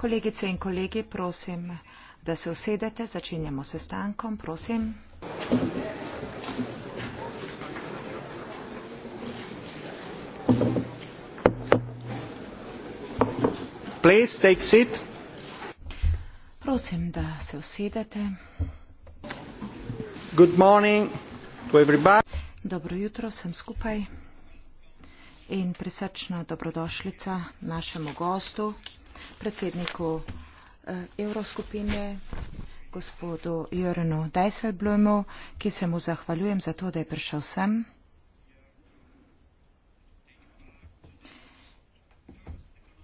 Kolegice in kolegi, prosim, da se usedete, začenjamo s stankom, prosim. Please take seat. Prosim, da se usedete. Good morning to everybody. Dobro jutro, sem skupaj in prisrčna dobrodošlica našemu gostu, predsedniku eh, Evroskupine, gospodu Jörnu Dajselblumu, ki se mu zahvaljujem za to, da je prišel sem.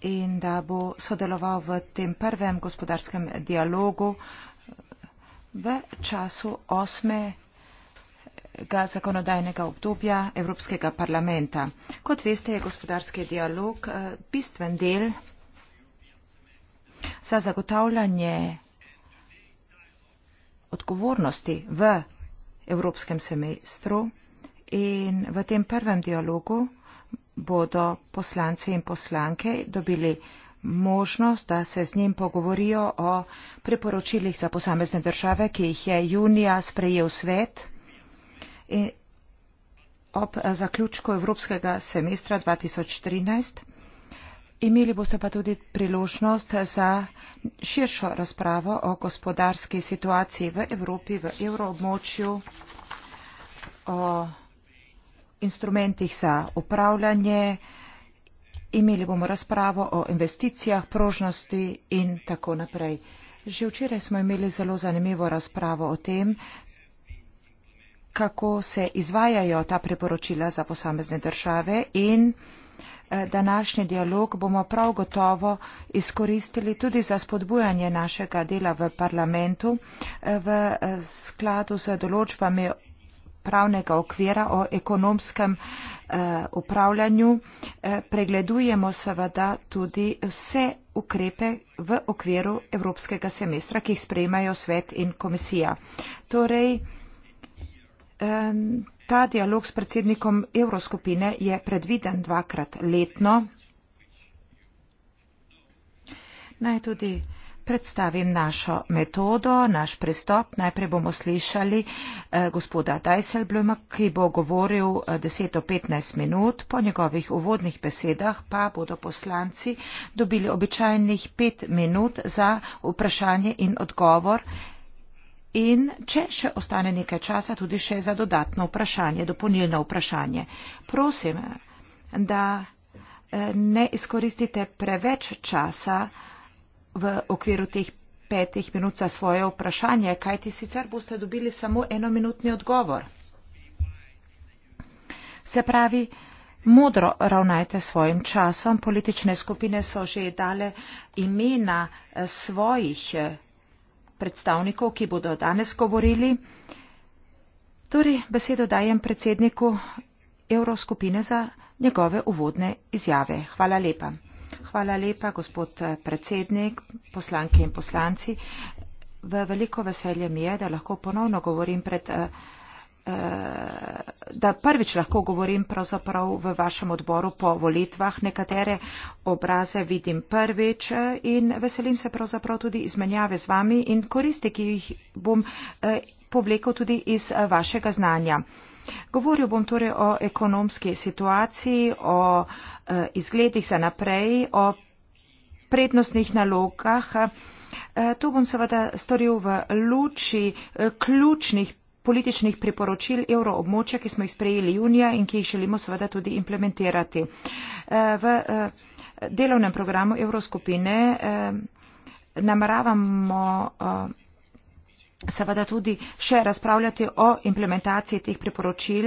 in da bo sodeloval v tem prvem gospodarskem dialogu eh, v času osme dvajsetega zakonodajnega obdobja Evropskega parlamenta. Kot veste, je gospodarski dialog eh, bistven del za zagotavljanje odgovornosti v Evropskem semestru in v tem prvem dialogu bodo poslanci in poslanke dobili možnost, da se z njim pogovorijo o priporočilih za posamezne države, ki jih je junija sprejel svet in e, ob eh, zaključku evropskega semestra 2013. Imeli boste pa tudi priložnost za širšo razpravo o gospodarski situaciji v Evropi, v evroobmočju, o instrumentih za upravljanje. Imeli bomo razpravo o investicijah, prožnosti in tako naprej. Že včeraj smo imeli zelo zanimivo razpravo o tem, kako se izvajajo ta preporočila za posamezne države in eh, današnji dialog bomo prav gotovo izkoristili tudi za spodbujanje našega dela v parlamentu eh, v eh, skladu z določbami pravnega okvira o ekonomskem upravljanju. Pregledujemo seveda tudi vse ukrepe v okviru evropskega semestra, ki jih sprejmajo svet in komisija. Torej, Ta dialog s predsednikom Evroskupine je predviden dvakrat letno. Naj tudi predstavim našo metodo, naš pristop. Najprej bomo slišali eh, gospoda Dajselbluma, ki bo govoril 10 eh, do 15 minut. Po njegovih uvodnih besedah pa bodo poslanci dobili običajnih 5 minut za vprašanje in odgovor. In če še ostane nekaj časa, tudi še za dodatno vprašanje, dopolnilno vprašanje. Prosim, da eh, ne izkoristite preveč časa v okviru teh petih minut za svoje vprašanje, kajti sicer boste dobili samo enominutni odgovor. Se pravi, modro ravnajte svojim časom. Politične skupine so že dale imena eh, svojih eh, predstavnikov, ki bodo danes govorili. Torej, besedo dajem predsedniku Evroskupine za njegove uvodne izjave. Hvala lepa. Hvala lepa, gospod eh, predsednik, poslanke in poslanci. V veliko veselje mi je, da lahko ponovno govorim pred. Uh, Eh, da prvič lahko govorim pravzaprav v vašem odboru po volitvah. Nekatere obraze vidim prvič eh, in veselim se pravzaprav tudi izmenjave z vami in koristi, ki jih bom eh, povlekel tudi iz vašega znanja. Govoril bom torej o ekonomski situaciji, o izgledih za naprej, o prednostnih nalogah. To bom seveda storil v luči ključnih političnih priporočil evroobmočja, ki smo jih sprejeli junija in ki jih želimo seveda tudi implementirati. Eh, v eh, delovnem programu evroskupine eh, nameravamo seveda tudi še razpravljati o implementaciji teh priporočil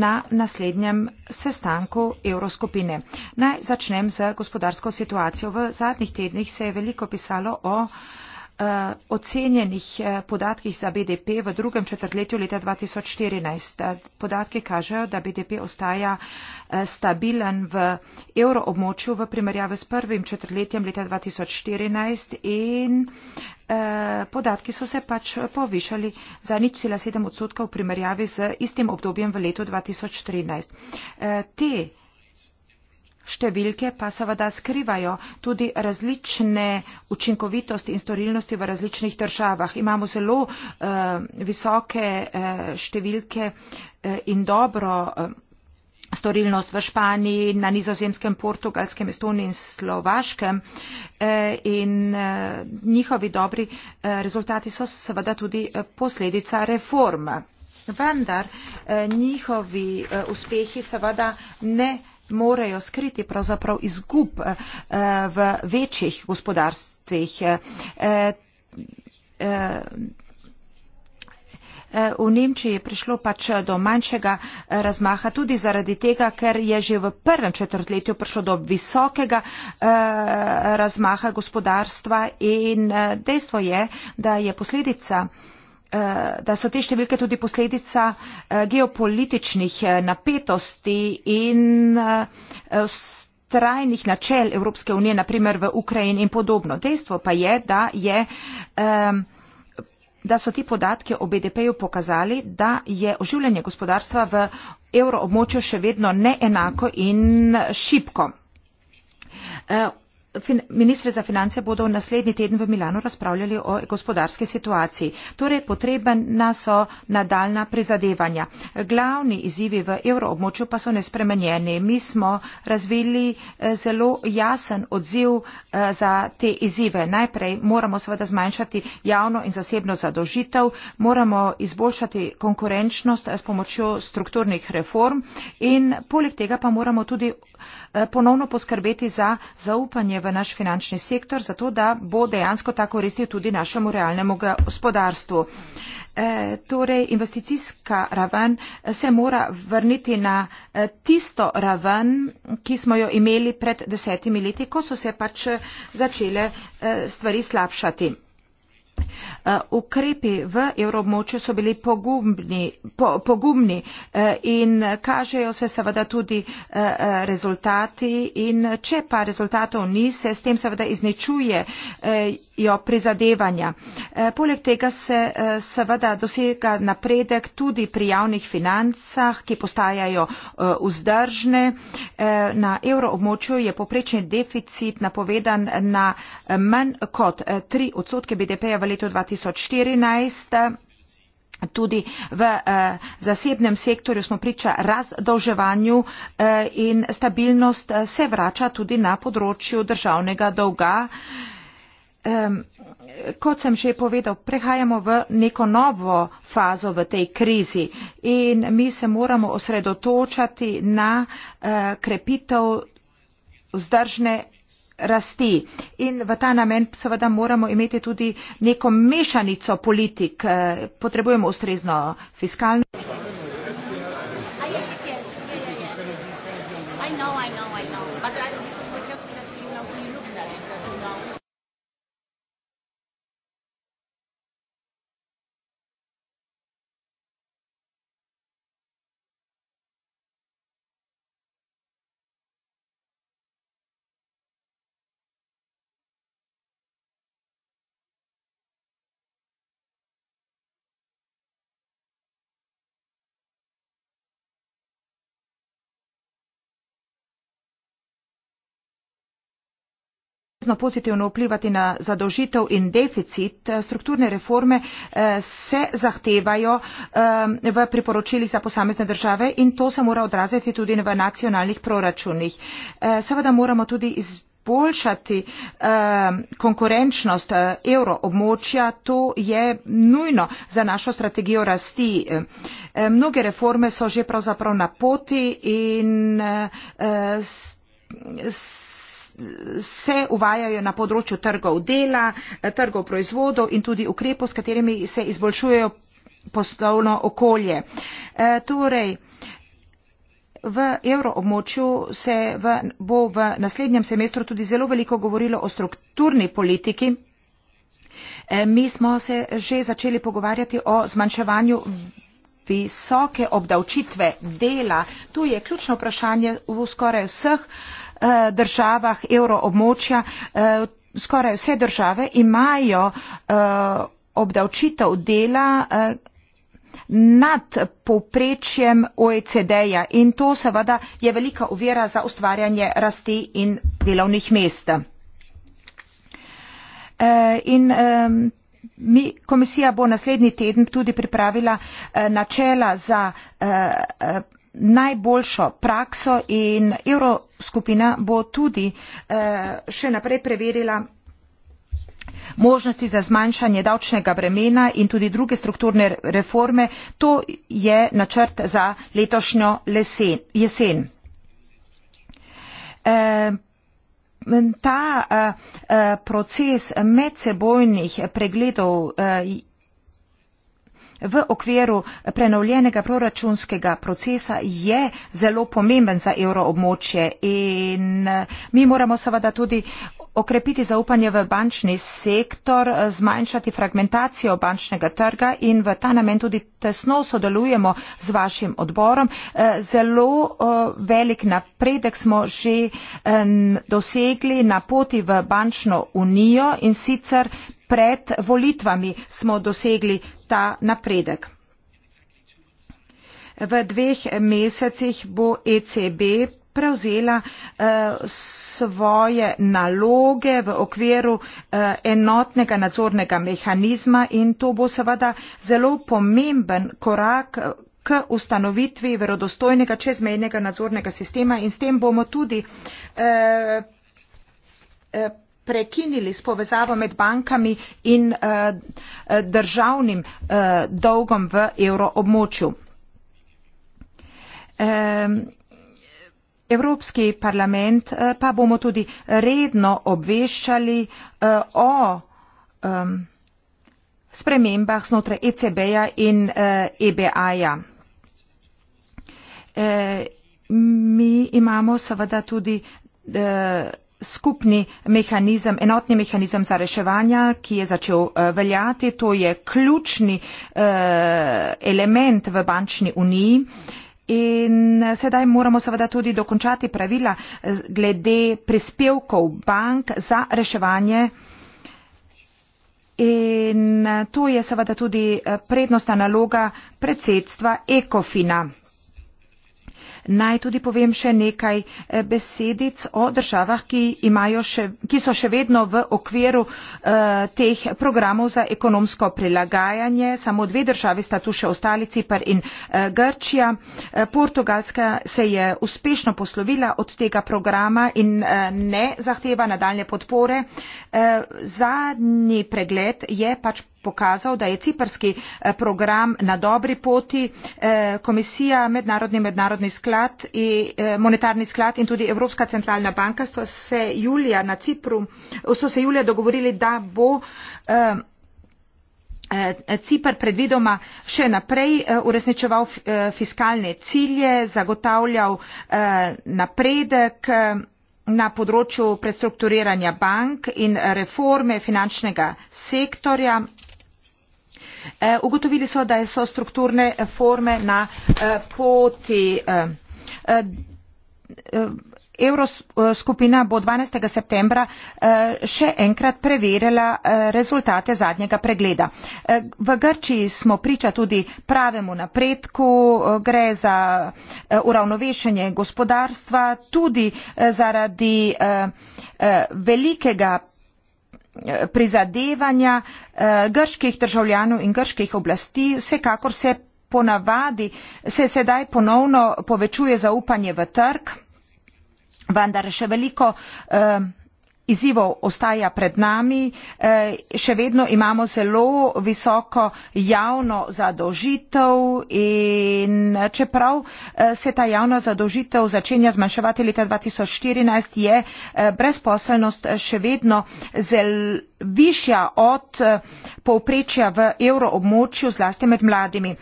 na naslednjem sestanku evroskupine. Naj začnem z gospodarsko situacijo. V zadnjih tednih se je veliko pisalo o Eh, ocenjenih eh, podatkih za BDP v drugem četrtletju leta 2014. Eh, Podatke kažejo, da BDP ostaja stabilen v evroobmočju v primerjavi s prvim četrtletjem leta 2014 in podatki so se pač povišali za nič cela sedem odstotka v primerjavi z istim obdobjem v letu 2013. Te Številke pa seveda skrivajo tudi različne učinkovitosti in storilnosti v različnih državah. Imamo zelo eh, visoke eh, številke eh, in dobro eh, storilnost v Španiji, na nizozemskem, portugalskem, estonijem in slovaškem. Eh, in eh, njihovi dobri eh, rezultati so seveda tudi eh, posledica reform. Vendar eh, njihovi eh, uspehi seveda ne morajo skriti pravzaprav izgub eh, eh, v večjih gospodarstvih. Eh, v Nemčiji je prišlo pač do manjšega razmaha tudi zaradi tega, ker je že v prvem četrtletju prišlo do visokega razmaha gospodarstva in dejstvo je, da je posledica Eh, da so te številke tudi posledica eh, geopolitičnih eh, napetosti in trajnih načel Evropske unije, naprimer v Ukrajini in podobno. Dejstvo pa je, da, je, da so ti podatki o BDP-ju pokazali, da je oživljanje gospodarstva v evroobmočju še vedno neenako in šipko ministri za finance bodo naslednji teden v Milano razpravljali o gospodarski situaciji. Torej, potrebna so nadaljna prizadevanja. Glavni izzivi v evroobmočju pa so nespremenjeni. Mi smo razvili eh, zelo jasen odziv eh, za te izzive. Najprej moramo seveda zmanjšati javno in zasebno zadožitev, moramo izboljšati konkurenčnost eh, s pomočjo strukturnih reform in poleg tega pa moramo tudi Eh, ponovno poskrbeti za zaupanje v naš finančni sektor, zato da bo dejansko tako koristil tudi našemu realnemu gospodarstvu. Eh, torej, investicijska raven eh, se mora vrniti na tisto raven, ki smo jo imeli pred desetimi leti, ko so se pač začele stvari slabšati. Eh, ukrepi v evroobmočju so bili pogumni, po, pogumni eh, in kažejo se seveda tudi eh, rezultati in če pa rezultatov ni, se s tem seveda izničujejo prizadevanja. Poleg tega se seveda dosega napredek tudi pri javnih financah, ki postajajo vzdržne. Na evroobmočju je poprečni deficit napovedan na manj kot 3 odstotke BDP-ja v letu 2014. Tudi v eh, zasebnem sektorju smo priča razdolževanju eh, in stabilnost eh, se vrača tudi na področju državnega dolga. Kot sem že povedal, prehajamo v neko novo fazo v tej krizi in mi se moramo osredotočati na krepitev vzdržne rasti. In v ta namen seveda moramo imeti tudi neko mešanico politik. Eh, potrebujemo ustrezno fiskalno. izrecno pozitivno vplivati na zadožitev in deficit, eh, strukturne reforme eh, se zahtevajo ehm, v priporočili za posamezne države in to se mora odraziti tudi v nacionalnih proračunih. Eh, seveda moramo tudi izboljšati ehm, konkurenčnost evroobmočja, to je nujno za našo strategijo rasti. Mnoge reforme so že pravzaprav na poti in se uvajajo na področju trgov dela, trgov proizvodov in tudi ukrepov, s katerimi se izboljšujejo poslovno okolje. E, torej, V evroobmočju se v, bo v naslednjem semestru tudi zelo veliko govorilo o strukturni politiki. E, mi smo se že začeli pogovarjati o zmanjševanju visoke obdavčitve dela. Tu je ključno vprašanje v skoraj vseh Eh, državah evroobmočja eh, skoraj vse države imajo eh, obdavčitev dela nad povprečjem OECD-ja in to seveda je velika uvira za ustvarjanje rasti in delovnih mest. In mi, komisija bo naslednji teden tudi pripravila načela za najboljšo prakso in evroskupina bo tudi eh, še naprej preverila možnosti za zmanjšanje davčnega bremena in tudi druge strukturne reforme. to je načrt za letošnjo jesen. Eh, ta eh, proces medsebojnih pregledov v okviru prenovljenega proračunskega procesa je zelo pomemben za evroobmočje in eh, mi moramo seveda tudi okrepiti zaupanje v bančni sektor, eh, zmanjšati fragmentacijo bančnega trga in v ta namen tudi tesno sodelujemo z vašim odborom. Eh, zelo velik napredek smo že dosegli na poti v bančno unijo in sicer pred volitvami smo dosegli ta napredek. V dveh mesecih bo ECB prevzela eh, svoje naloge v okviru eh, enotnega nadzornega mehanizma in to bo seveda zelo pomemben korak eh, k ustanovitvi verodostojnega čezmejnega nadzornega sistema in s tem bomo tudi prekinili s povezavo med bankami in uh, državnim uh, dolgom v evroobmočju. Um, Evropski parlament pa bomo tudi redno obveščali uh, o um, spremembah znotraj ECB-ja in uh, EBA-ja. Uh, mi imamo seveda tudi uh, skupni mehanizem, enotni mehanizem za reševanja, ki je začel eh, veljati. To je ključni eh, element v bančni uniji. In eh, sedaj moramo seveda tudi dokončati pravila glede prispevkov bank za reševanje. In to je seveda tudi prednostna naloga predsedstva Ekofina. Naj tudi povem še nekaj eh, besedic o državah, ki, še, ki so še vedno v okviru eh, teh programov za ekonomsko prilagajanje. Samo dve državi sta tu še ostali, Cipr in eh, Grčija. Eh, Portugalska se je uspešno poslovila od tega programa in eh, ne zahteva nadaljne podpore. Eh, zadnji pregled je pač pokazal, da je ciperski eh, program na dobri poti. Eh, komisija, mednarodni, mednarodni sklad in eh, monetarni sklad in tudi Evropska centralna banka so se julija na Cipru, so se julija dogovorili, da bo Cipr predvidoma še naprej uresničeval fiskalne cilje, zagotavljal napredek na področju prestrukturiranja bank in reforme finančnega sektorja. Eh, ugotovili so, da so strukturne forme na eh, poti. Eh, evroskupina bo 12. septembra še enkrat preverila rezultate zadnjega pregleda. V Grčiji smo priča tudi pravemu napredku, gre za uravnovešenje gospodarstva, tudi zaradi velikega prizadevanja eh, grških državljanov in grških oblasti vsekakor se ponavadi se sedaj ponovno povečuje zaupanje v trg vendar še veliko eh, izzivov ostaja pred nami. Eh, še vedno imamo zelo visoko javno zadožitev in čeprav eh, se ta javna zadožitev začenja zmanjševati leta 2014, je eh, brezposelnost še vedno višja od povprečja v evroobmočju, zlasti med mladimi.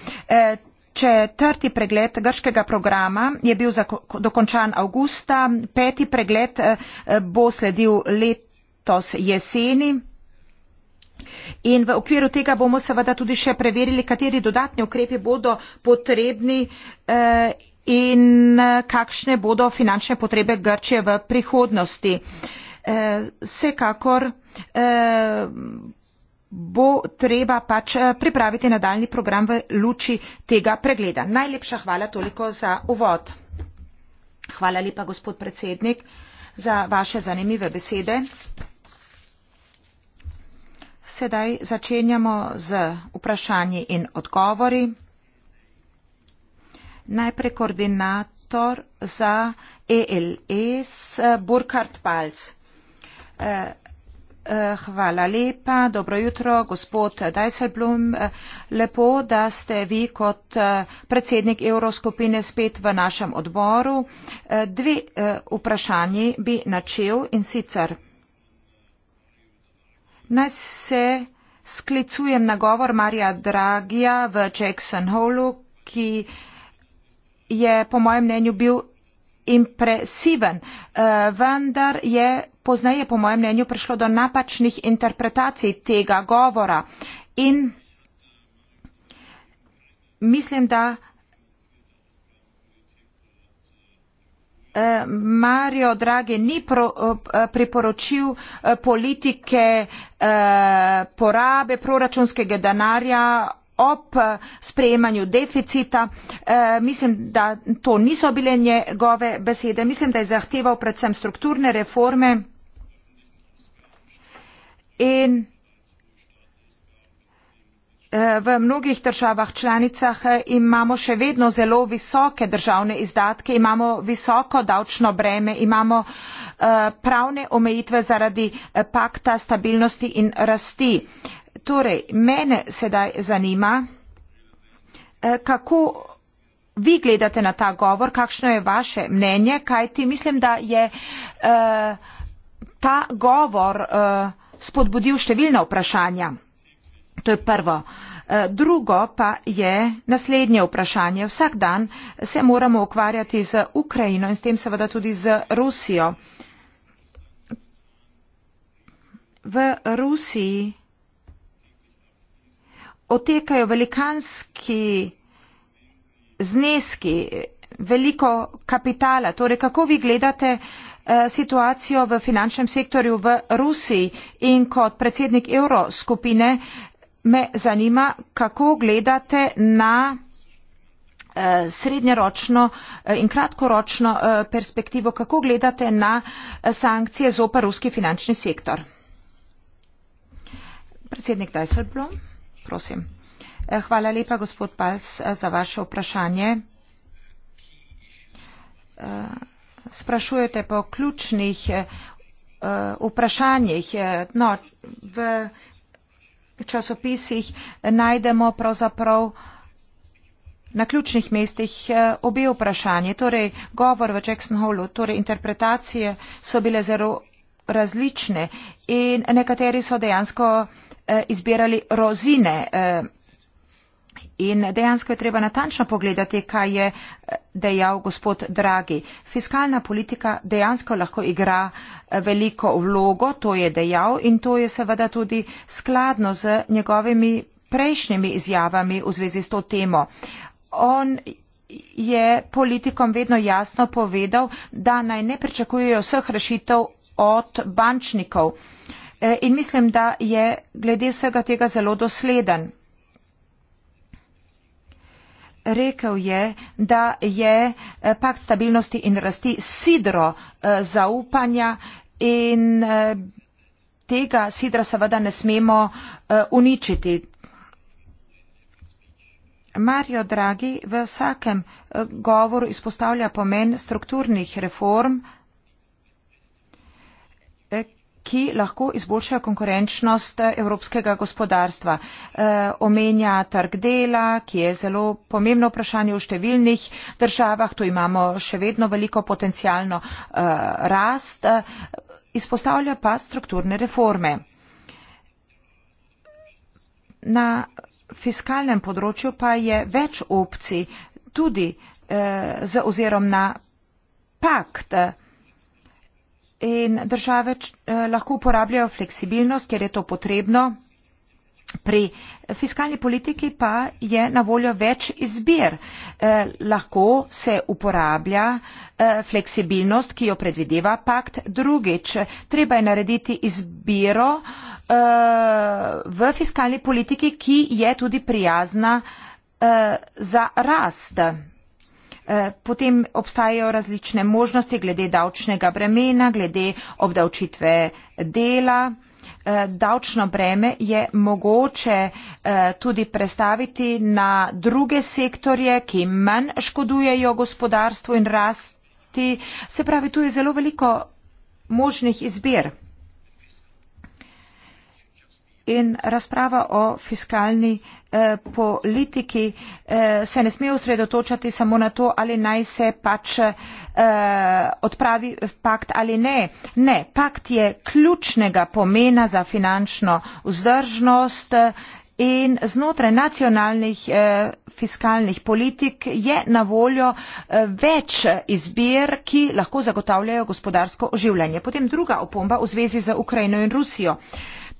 Četrti pregled grškega programa je bil dokončan avgusta, peti pregled eh, bo sledil letos jeseni. In v okviru tega bomo seveda tudi še preverili, kateri dodatni ukrepi bodo potrebni eh, in eh, kakšne bodo finančne potrebe Grčije v prihodnosti. Vsekakor bo treba pač eh, pripraviti nadaljni program v luči tega pregleda. Najlepša hvala toliko za uvod. Hvala lepa, gospod predsednik, za vaše zanimive besede. Sedaj začenjamo z vprašanji in odgovori. Najprej koordinator za ELS Burkhard Palc. Eh, Eh, hvala lepa. Dobro jutro, gospod Dijsselblom. Eh, lepo, da ste vi kot eh, predsednik Evroskupine spet v našem odboru. Dve vprašanji bi načel in sicer. Naj se sklicujem na govor Marija Dragija v Jackson Hallu, ki je po mojem mnenju bil impresiven, vendar je pozneje je po mojem mnenju prišlo do napačnih interpretacij tega govora in mislim, da eh, Mario Draghi ni pro, eh, priporočil eh, politike porabe proračunskega denarja ob sprejemanju deficita. Mislim, da to niso bile njegove besede. Mislim, da je zahteval predvsem strukturne reforme in eh, v mnogih državah članicah eh, imamo še vedno zelo visoke državne izdatke imamo visoko davčno breme imamo eh, pravne omejitve zaradi pakta stabilnosti in rasti torej mene sedaj zanima kako vi gledate na ta govor kakšno je vaše mnenje kajti mislim da je ta govor uh, spodbudil številna vprašanja. To je prvo. E, drugo pa je naslednje vprašanje. Vsak dan se moramo ukvarjati z Ukrajino in s tem seveda tudi z Rusijo. V Rusiji otekajo velikanski zneski, veliko kapitala. Torej, kako vi gledate uh, Eh, situacijo v finančnem sektorju v rusiji in kot predsednik evroskupine me zanima kako gledate na eh, srednjeročno eh, in kratkoročno perspektivo kako gledate na sankcije zoper ruski finančni sektor. Predsednik Dijsselbloem, prosim. Hvala lepa gospod Pals za vaše vprašanje sprašujete po ključnih eh, eh, vprašanjih. Eh, no, v časopisih najdemo pravzaprav na ključnih mestih obe vprašanje. Torej, govor v Jackson Hallu, torej interpretacije so bile zelo različne in nekateri so dejansko izbirali rozine In dejansko je treba natančno pogledati, kaj je eh, dejal gospod Dragi. Fiskalna politika dejansko lahko igra eh, veliko vlogo, to je dejal in to je seveda tudi skladno z njegovimi prejšnjimi izjavami v zvezi s to temo. On je politikom vedno jasno povedal, da naj ne pričakujejo vseh rešitev od bančnikov. Eh, in mislim, da je glede vsega tega zelo dosleden rekel je da je eh, pakt stabilnosti in rasti sidro eh, zaupanja in eh, tega sidra seveda ne smemo uničiti. Mario Draghi v vsakem govoru izpostavlja pomen strukturnih reform ki lahko izboljšajo konkurenčnost eh, evropskega gospodarstva. E, omenja trg dela, ki je zelo pomembno vprašanje v številnih državah, tu imamo še vedno veliko potencijalno e, eh, rast, e, izpostavlja pa strukturne reforme. Na fiskalnem področju pa je več opcij tudi e, z ozirom na pakt. E, in države eh, lahko uporabljajo fleksibilnost, ker je to potrebno. Pri fiskalni politiki pa je na voljo več izbir. Eh, lahko se uporablja eh, fleksibilnost, ki jo predvideva pakt. Drugič, treba je narediti izbiro v fiskalni politiki, ki je tudi prijazna za rast. Eh, potem obstajajo različne možnosti glede davčnega bremena, glede obdavčitve dela. Eh, davčno breme je mogoče eh, tudi prestaviti na druge sektorje, ki manj škodujejo gospodarstvu in rasti. Se pravi, tu je zelo veliko možnih izbir. In razprava o fiskalni Eh, politiki eh, se ne smejo osredotočati samo na to ali naj se pač eh, odpravi pakt ali ne. ne pakt je ključnega pomena za finančno vzdržnost in znotraj nacionalnih fiskalnih politik je na voljo več izbir ki lahko zagotavljajo gospodarsko oživljanje. potem druga opomba v zvezi z ukrajino in rusijo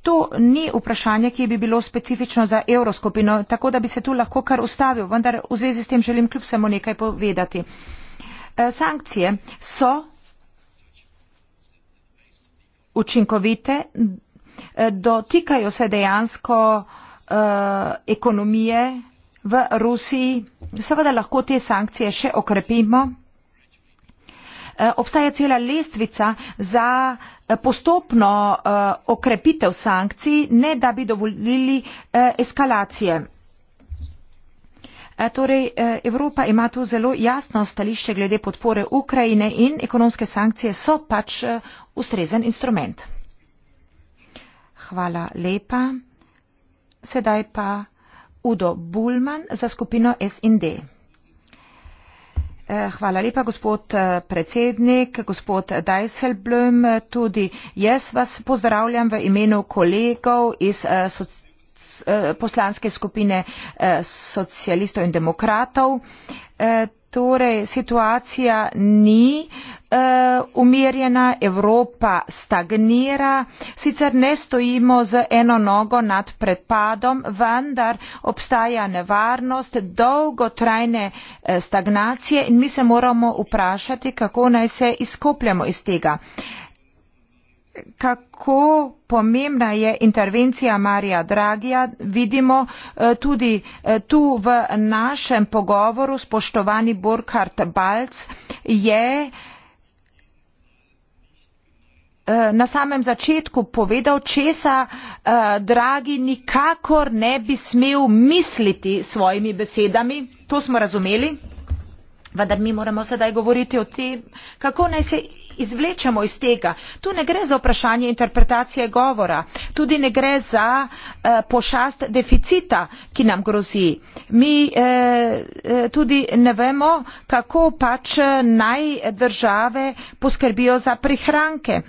to ni vprašanje ki bi bilo specifično za evroskupino tako da bi se tu lahko kar ustavil vendar v zvezi s tem želim kljub vsemu nekaj povedati eh, sankcije so učinkovite eh, dotikajo se dejansko eh, ekonomije v rusiji seveda lahko te sankcije še okrepimo eh, obstaja cela lestvica za eh, postopno eh, okrepitev sankcij ne da bi dovolili eh, eskalacije. Eh, torej, Evropa ima tu zelo jasno stališče glede podpore Ukrajine in ekonomske sankcije so pač ustrezen instrument. Hvala lepa. Sedaj pa Udo Bulman za skupino SND. Eh, hvala lepa, gospod eh, predsednik, gospod Dajselblom. Tudi jaz vas pozdravljam v imenu kolegov iz eh, socialnega. Eh, poslanske skupine eh, socialistov in demokratov. Eh, torej, situacija ni umirjena, Evropa stagnira, sicer ne stojimo z eno nogo nad predpadom, vendar obstaja nevarnost dolgotrajne stagnacije in mi se moramo vprašati, kako naj se izkopljamo iz tega kako pomembna je intervencija Marija Dragija, vidimo eh, tudi eh, tu v našem pogovoru, spoštovani Burkhard Balc je eh, na samem začetku povedal, česa Dragi nikakor ne bi smel misliti svojimi besedami, to smo razumeli, vendar mi moramo sedaj govoriti o tem, kako naj se izvlečemo iz tega tu ne gre za vprašanje interpretacije govora tudi ne gre za eh, pošast deficita ki nam grozi mi eh, eh, tudi ne vemo kako pač naj države poskrbijo za prihranke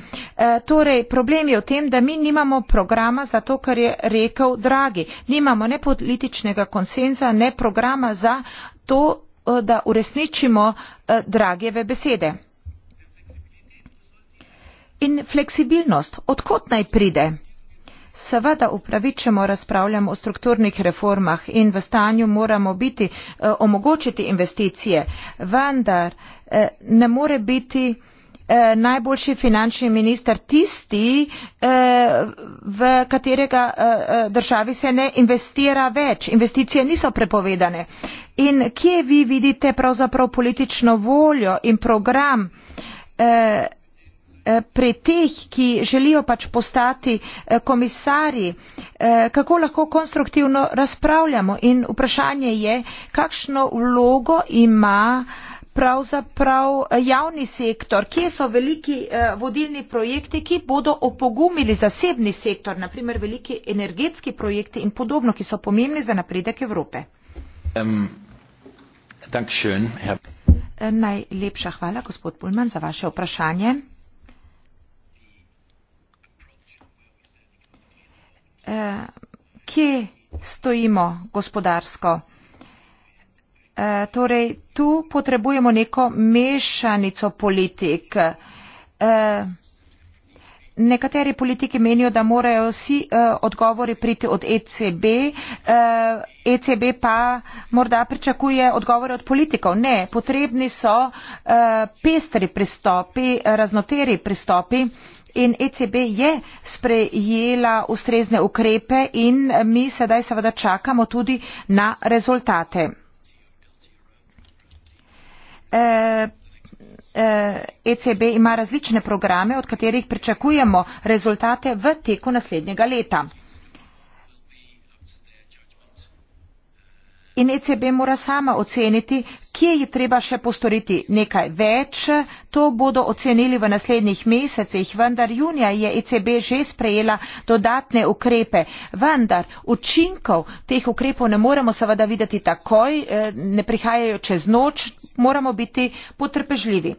torej problem je v tem da mi nimamo programa za to kar je rekel dragi nimamo ne političnega konsenza ne programa za to da uresničimo dragijeve besede In fleksibilnost, odkot naj pride? Seveda upravičemo razpravljamo o strukturnih reformah in v stanju moramo biti eh, omogočiti investicije, vendar eh, ne more biti eh, najboljši finančni minister tisti, eh, v katerega eh, eh državi se ne investira več. Investicije niso prepovedane. In kje vi vidite pravzaprav politično voljo in program? Eh, Eh, pri teh, ki želijo pač postati eh, komisarji, eh, kako lahko konstruktivno razpravljamo in vprašanje je, kakšno vlogo ima pravzaprav javni sektor, kje so veliki vodilni projekti, ki bodo opogumili zasebni sektor, naprimer veliki energetski projekti in podobno, ki so pomembni za napredek Evrope. Um, Dankeschön, Herr. Najlepša hvala, gospod Pulman, za vaše vprašanje. eh, kje stojimo gospodarsko. Eh, torej, tu potrebujemo neko mešanico politik. Eh, nekateri politiki menijo, da morajo vsi eh, odgovori priti od ECB, ECB eh, e pa morda pričakuje odgovore od politikov. Ne, potrebni so eh, pestri pristopi, raznoteri pristopi. In ECB je sprejela ustrezne ukrepe in mi sedaj seveda čakamo tudi na rezultate. E, ecb eh, e ima različne programe od katerih pričakujemo rezultate v teku naslednjega leta. in ECB mora sama oceniti, kje je treba še postoriti nekaj več. To bodo ocenili v naslednjih mesecih, vendar junija je ECB že sprejela dodatne ukrepe. Vendar učinkov teh ukrepov ne moremo seveda videti takoj, eh, ne prihajajo čez noč, moramo biti potrpežljivi.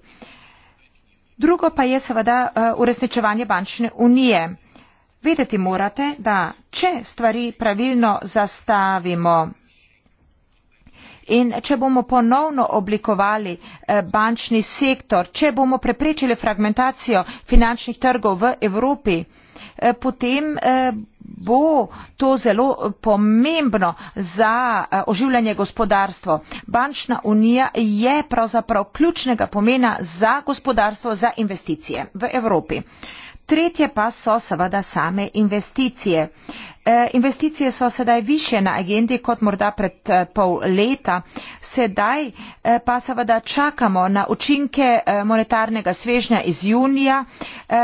Drugo pa je seveda eh, uresničevanje bančne unije. Vedeti morate, da če stvari pravilno zastavimo, in če bomo ponovno oblikovali eh, bančni sektor če bomo preprečili fragmentacijo finančnih trgov v evropi eh, potem eh, bo to zelo pomembno za oživljanje gospodarstva. bančna unija je pravzaprav ključnega pomena za gospodarstvo za investicije v evropi. tretje pa so seveda same investicije. Eh, investicije so sedaj više na agendi kot morda pred eh, pol leta sedaj eh, pa seveda čakamo na učinke monetarnega svežnja iz junija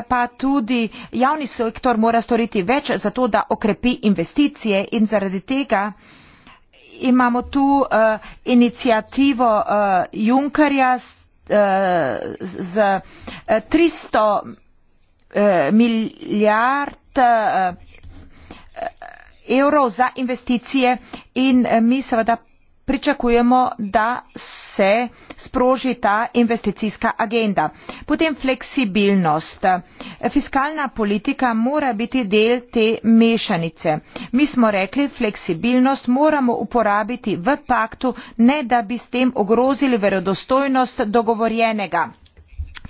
pa tudi javni sektor mora storiti več za to da okrepi investicije in zaradi tega imamo tu inicijativo junckerja z tristo milijard Eh, evrov za investicije in eh, mi seveda pričakujemo da se sproži ta investicijska agenda potem fleksibilnost fiskalna politika mora biti del te mešanice mi smo rekli fleksibilnost moramo uporabiti v paktu ne da bi s tem ogrozili verodostojnost dogovorjenega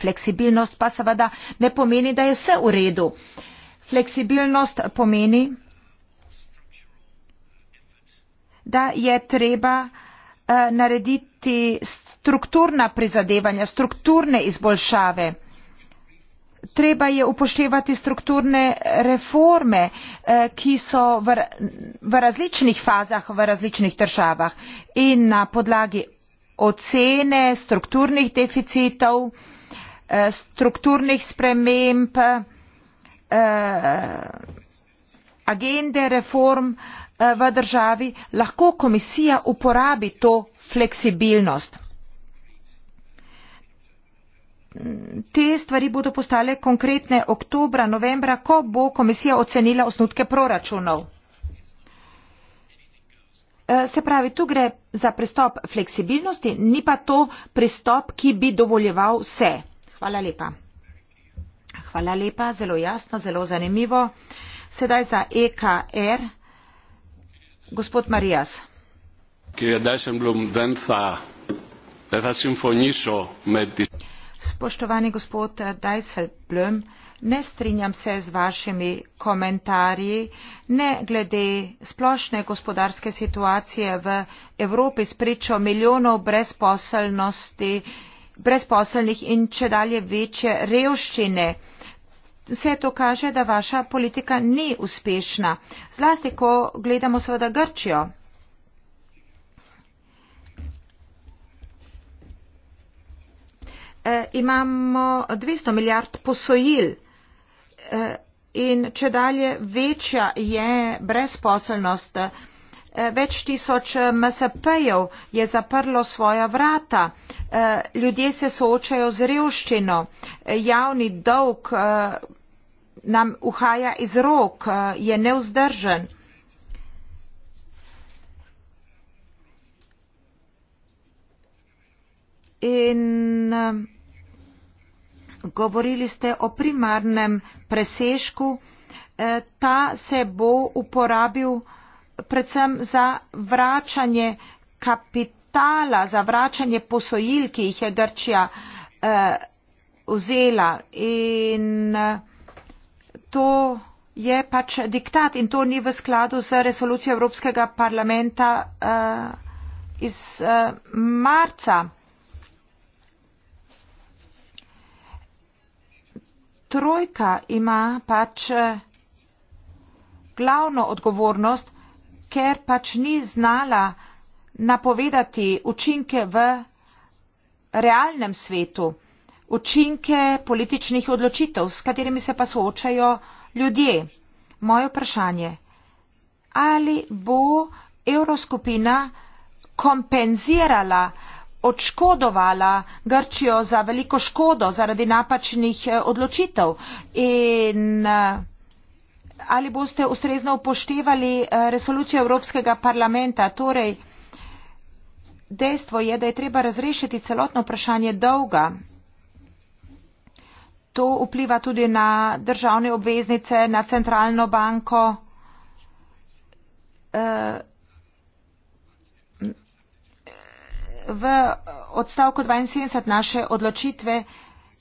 fleksibilnost pa seveda ne pomeni da je vse v redu fleksibilnost pomeni da je treba eh, narediti strukturna prizadevanja, strukturne izboljšave. Treba je upoštevati strukturne reforme, eh, ki so v, v različnih fazah v različnih državah in na podlagi ocene strukturnih deficitov, eh, strukturnih sprememb, agende reform, Eh, v državi lahko komisija uporabi to fleksibilnost. Te stvari bodo postale konkretne oktobra, novembra, ko bo komisija ocenila osnutke proračunov. Eh, se pravi, tu gre za pristop fleksibilnosti, ni pa to pristop, ki bi dovoljeval vse. Hvala lepa. Hvala lepa, zelo jasno, zelo zanimivo. Sedaj za EKR spoštovani gospod dijsselbloem ne strinjam se z vašimi komentarji ne glede splošne gospodarske situacije v evropi s pričo milijonov brezposelnih in čedalje večje revščine vse to kaže, da vaša politika ni uspešna. Zlasti, ko gledamo seveda Grčijo. E, imamo 200 milijard posojil e, in če dalje večja je brezposelnost. E, Eh, več tisoč eh, MSP-jev je zaprlo svoja vrata, eh, ljudje se soočajo z revščino, javni dolg nam uhaja iz rok, je neuzdržen. In govorili ste o primarnem presežku, ta se bo uporabil predvsem za vračanje kapitala, za vračanje posojil, ki jih je Grčija eh, vzela. In eh, to je pač diktat in to ni v skladu z resolucijo Evropskega parlamenta eh, iz eh, marca. Trojka ima pač eh, glavno odgovornost, ker pač ni znala napovedati učinke v realnem svetu, učinke političnih odločitev, s katerimi se pa soočajo ljudje. Moje vprašanje, ali bo evroskupina kompenzirala, odškodovala Grčijo za veliko škodo zaradi napačnih eh, odločitev in eh, ali boste ustrezno upoštevali eh, resolucijo Evropskega parlamenta. Torej, dejstvo je, da je treba razrešiti celotno vprašanje dolga. To vpliva tudi na državne obveznice, na centralno banko. Eh, v odstavku 72 naše odločitve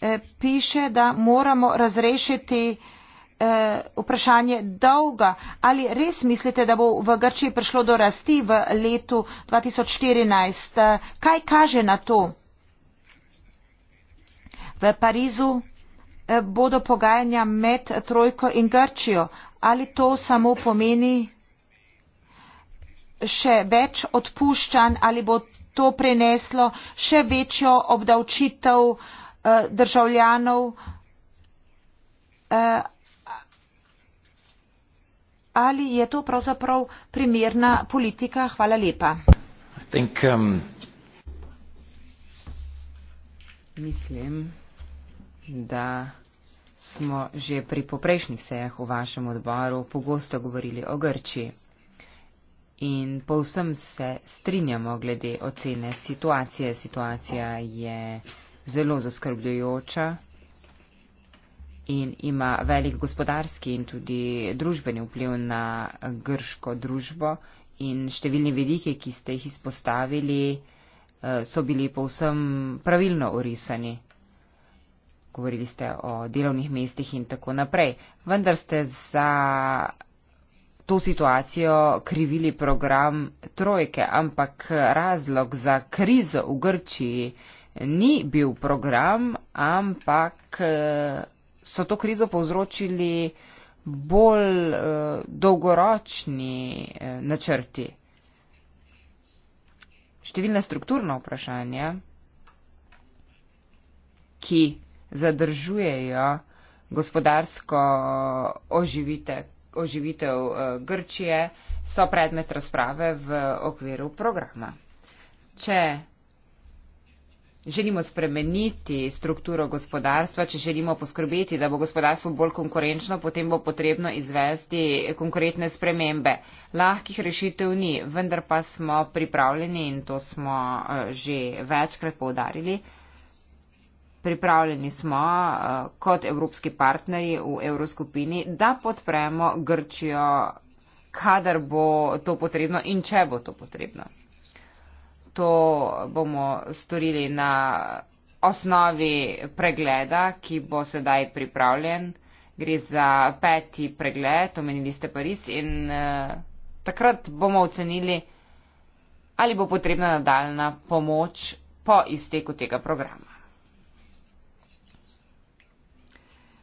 eh, piše, da moramo razrešiti Eh, vprašanje dolga. Ali res mislite, da bo v Grčiji prišlo do rasti v letu 2014? Eh, kaj kaže na to? V Parizu eh, bodo pogajanja med Trojko in Grčijo. Ali to samo pomeni še več odpuščanj ali bo to preneslo še večjo obdavčitev državljanov? ali je to pravzaprav primerna politika? Hvala lepa. Think, um... Mislim, da smo že pri poprejšnjih sejah v vašem odboru pogosto govorili o Grči. In povsem se strinjamo glede ocene situacije. Situacija je zelo zaskrbljujoča in ima velik gospodarski in tudi družbeni vpliv na grško družbo in številni vidiki, ki ste jih izpostavili, eh, so bili povsem pravilno orisani. Govorili ste o delovnih mestih in tako naprej. Vendar ste za to situacijo krivili program Trojke, ampak razlog za krizo v Grčiji ni bil program, ampak eh, so to krizo povzročili bolj uh, dolgoročni uh, načrti. Številna strukturna vprašanja, ki zadržujejo gospodarsko eh, oživite, oživitev uh, Grčije, so predmet razprave v okviru programa. Če želimo spremeniti strukturo gospodarstva, če želimo poskrbeti, da bo gospodarstvo bolj konkurenčno, potem bo potrebno izvesti konkretne spremembe. Lahkih rešitev ni, vendar pa smo pripravljeni in to smo eh, že večkrat povdarili. Pripravljeni smo eh, kot evropski partnerji v evroskupini, da podpremo Grčijo, kadar bo to potrebno in če bo to potrebno to bomo storili na osnovi pregleda, ki bo sedaj pripravljen. Gre za peti pregled, omenili ste Pariz in uh, takrat bomo ocenili, ali bo potrebna nadaljna pomoč po izteku tega programa.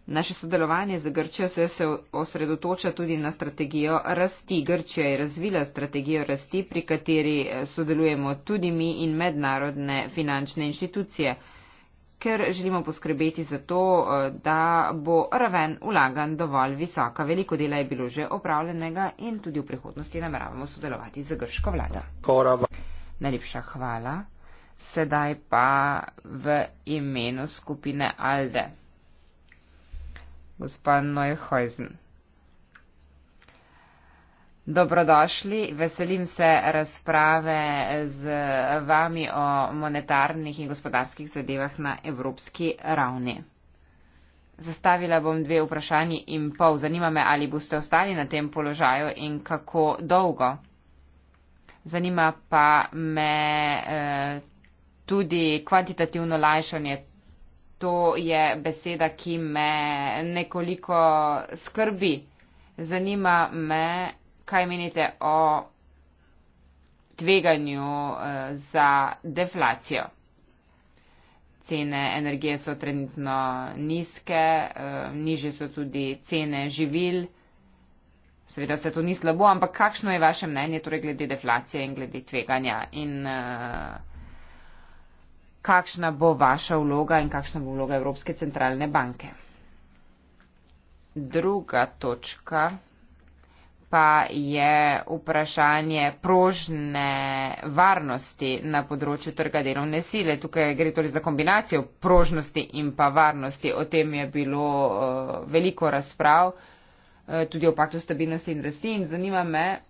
Naše sodelovanje z Grčijo se, se osredotoča tudi na strategijo rasti. Grčija je razvila strategijo rasti, pri kateri eh, sodelujemo tudi mi in mednarodne finančne inštitucije, ker želimo poskrbeti za to, eh, da bo raven ulagan dovolj visoka. Veliko dela je bilo že opravljenega in tudi v prihodnosti nameravamo sodelovati z grško vlado. Korava. Najlepša hvala. Sedaj pa v imenu skupine Alde gospa Neuhäusen. Dobrodošli, veselim se razprave z vami o monetarnih in gospodarskih zadevah na evropski ravni. Zastavila bom dve vprašanji in pol. Zanima me, ali boste ostali na tem položaju in kako dolgo. Zanima pa me eh, tudi kvantitativno lajšanje to je beseda, ki me nekoliko skrbi. Zanima me, kaj menite o tveganju eh, za deflacijo. Cene energije so trenutno nizke, eh, niže so tudi cene živil. Seveda se to ni slabo, ampak kakšno je vaše mnenje torej glede deflacije in glede tveganja? In, uh, kakšna bo vaša vloga in kakšna bo vloga Evropske centralne banke. Druga točka pa je vprašanje prožne varnosti na področju trga delovne sile. Tukaj gre torej za kombinacijo prožnosti in pa varnosti. O tem je bilo uh, veliko razprav, uh, tudi o paktu stabilnosti in rasti. In zanima me,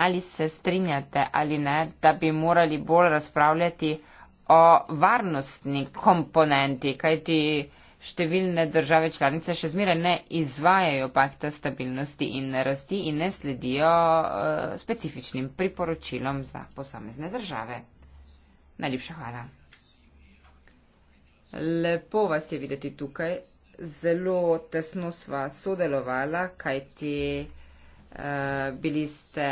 ali se strinjate ali ne, da bi morali bolj razpravljati o varnostni komponenti, kajti številne države članice še zmeraj ne izvajajo pakta stabilnosti in rasti in ne sledijo uh, specifičnim priporočilom za posamezne države. Najlepša hvala. Lepo vas je videti tukaj. Zelo tesno sva sodelovala, kajti. Eh, bili ste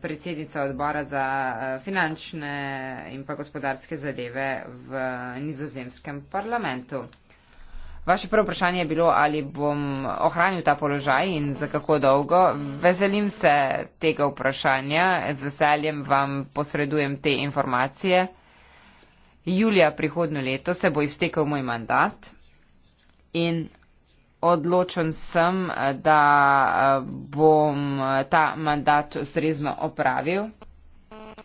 predsednica odbora za eh, finančne in pa gospodarske zadeve v nizozemskem parlamentu. Vaše prvo vprašanje je bilo, ali bom ohranil ta položaj in za kako dolgo. Veselim se tega vprašanja, z veseljem vam posredujem te informacije. Julija prihodno leto se bo iztekel moj mandat in odločen sem, da eh, bom eh, ta mandat ustrezno opravil.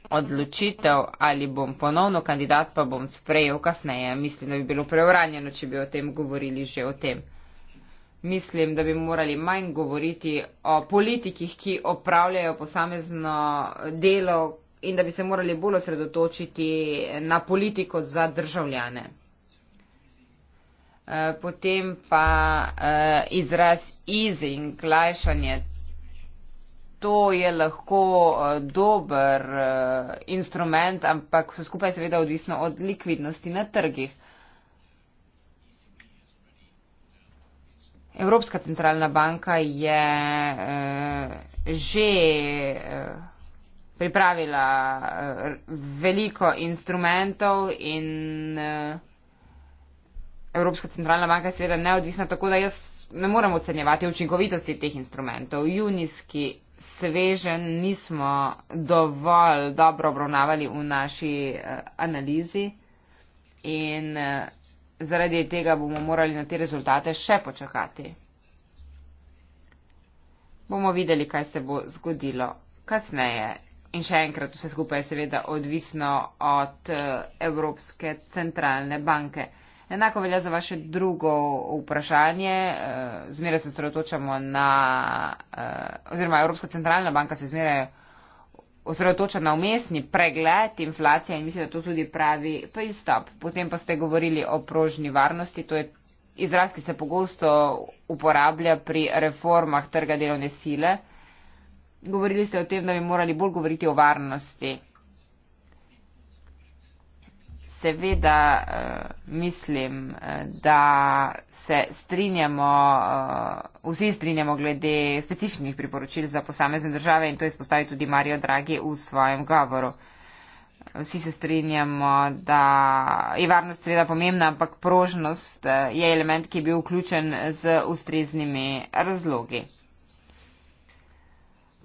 Odločitev, ali bom ponovno kandidat, pa bom sprejel kasneje. Mislim, da bi bilo preuranjeno, če bi o tem govorili že o tem. Mislim, da bi morali manj govoriti o politikih, ki opravljajo posamezno delo in da bi se morali bolj osredotočiti na politiko za državljane. Eh, potem pa uh, izraz easing, lajšanje. To je lahko uh, dober uh, instrument, ampak vse skupaj je seveda odvisno od likvidnosti na trgih. Evropska centralna banka je uh, že uh, pripravila uh, veliko instrumentov in uh, Evropska centralna banka je seveda neodvisna, tako da jaz ne morem ocenjevati učinkovitosti teh instrumentov. Junijski svežen nismo dovolj dobro obravnavali v naši uh, analizi in uh, zaradi tega bomo morali na te rezultate še počakati. Bomo videli, kaj se bo zgodilo kasneje. In še enkrat, vse skupaj je seveda odvisno od eh, Evropske centralne banke. Enako velja za vaše drugo vprašanje. Eh, zmeraj se osredotočamo na, eh, oziroma Evropska centralna banka se zmeraj osredotoča na umestni pregled inflacije in mislim, da to tudi pravi pristop. Potem pa ste govorili o prožni varnosti, to je izraz, ki se pogosto uporablja pri reformah trga delovne sile. Govorili ste o tem, da bi morali bolj govoriti o varnosti seveda eh, mislim, eh, da se strinjamo, eh, vsi strinjamo glede specifičnih priporočil za posamezne države in to je spostavil tudi Mario Draghi v svojem govoru. Vsi se strinjamo, da je varnost seveda pomembna, ampak prožnost je element, ki je bil vključen z ustreznimi razlogi.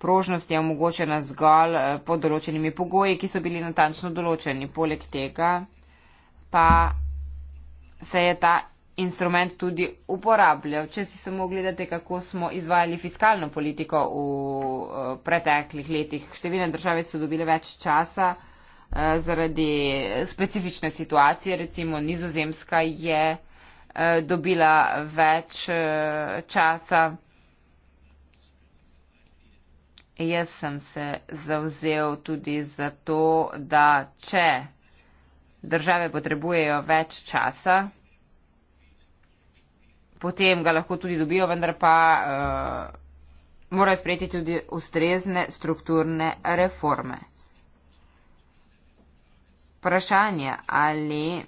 Prožnost je omogočena zgolj pod določenimi pogoji, ki so bili natančno določeni. Poleg tega pa se je ta instrument tudi uporabljal. Če si samo ogledate, kako smo izvajali fiskalno politiko v eh, preteklih letih, številne države so dobile več časa eh, zaradi specifične situacije, recimo nizozemska je eh, dobila več časa. Jaz sem se zauzel tudi za to, da če države potrebujejo več časa, potem ga lahko tudi dobijo, vendar pa uh, morajo sprejeti tudi ustrezne strukturne reforme. Vprašanje ali.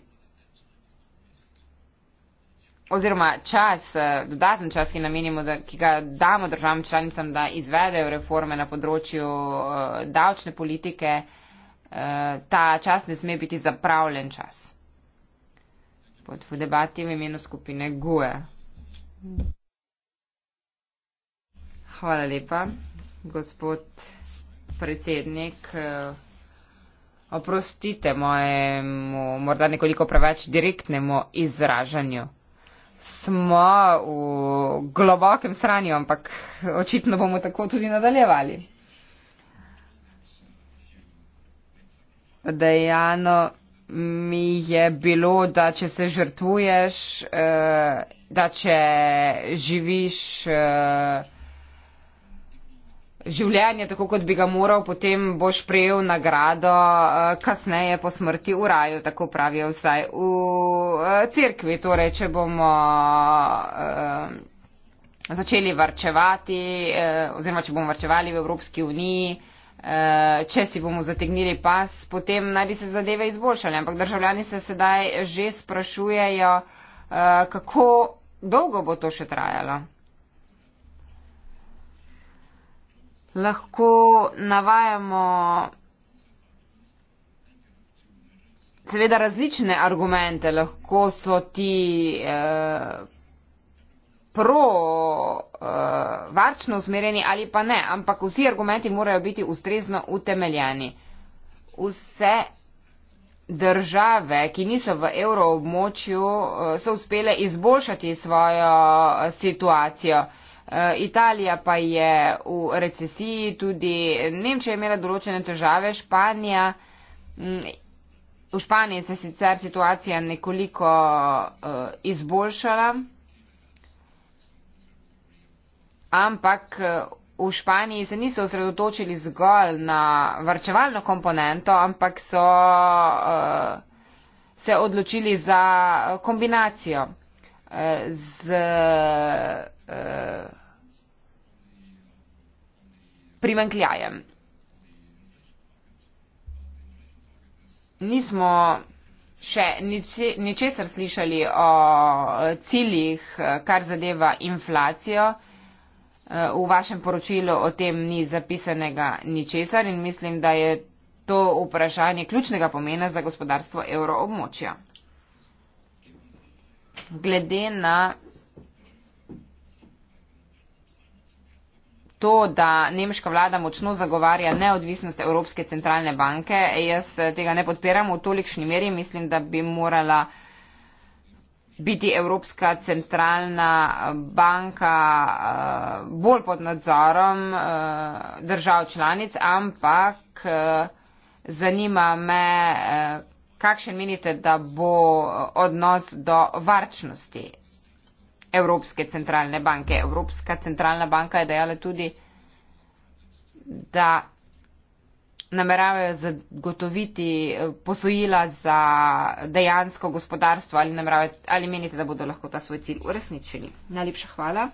Oziroma čas, eh, dodaten čas, ki, namenimo, da, ki ga damo državam članicam, da izvedejo reforme na področju uh, davčne politike, uh, ta čas ne sme biti zapravljen čas. Pod debati v imenu skupine GUE. Hvala lepa, gospod predsednik. Oprostite mojemu morda nekoliko preveč direktnemu izražanju. Smo v globokem stranju, ampak očitno bomo tako tudi nadaljevali. dejano mi je bilo, da če se žrtvuješ, eh, da če živiš eh, življenje tako, kot bi ga moral, potem boš prejel nagrado eh, kasneje po smrti v raju, tako pravijo vsaj v cerkvi. Torej, če bomo začeli varčevati, oziroma če bomo varčevali v Evropski uniji, Eh, če si bomo zategnili pas, potem naj bi se zadeve izboljšale. Ampak državljani se sedaj že sprašujejo, eh, kako dolgo bo to še trajalo. Lahko navajamo seveda različne argumente, lahko so ti. Eh, provarčno eh, uh, zmereni ali pa ne, ampak vsi argumenti morajo biti ustrezno utemeljani. Vse države, ki niso v evroobmočju, eh, so uspele izboljšati svojo eh, situacijo. Italija pa je v recesiji, tudi Nemčija je imela določene težave, Španija, mm, v Španiji se sicer situacija nekoliko izboljšala ampak eh, v Španiji se niso osredotočili zgolj na varčevalno komponento, ampak so uh, se odločili za kombinacijo uh, z uh, primankljajem. Nismo še niče, ničesar slišali o ciljih, kar zadeva inflacijo. Eh, v vašem poročilu o tem ni zapisanega ničesar in mislim, da je to vprašanje ključnega pomena za gospodarstvo evroobmočja. Glede na to, da nemška vlada močno zagovarja neodvisnost Evropske centralne banke, jaz tega ne podpiram v tolikšni meri, mislim, da bi morala biti Evropska centralna eh, banka eh, bolj pod nadzorom eh, držav članic, ampak zanima me, kakšen menite, da bo odnos do varčnosti Evropske centralne banke. Evropska centralna banka je dejala tudi, da nameravajo zagotoviti eh, posojila za dejansko gospodarstvo ali, ali menite, da bodo lahko ta svoj cilj uresničili. Najlepša hvala.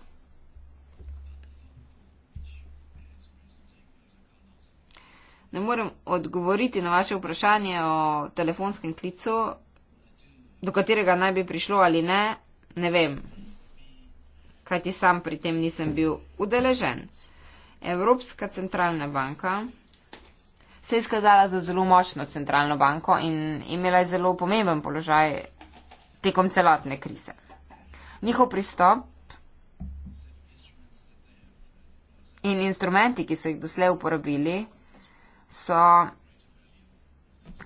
Ne morem odgovoriti na vaše vprašanje o telefonskem klicu, do katerega naj bi prišlo ali ne, ne vem, kajti sam pri tem nisem bil udeležen. Evropska centralna banka se je izkazala za zelo močno centralno banko in imela je zelo pomemben položaj tekom celotne krize. Njihov pristop in instrumenti, ki so jih doslej uporabili, so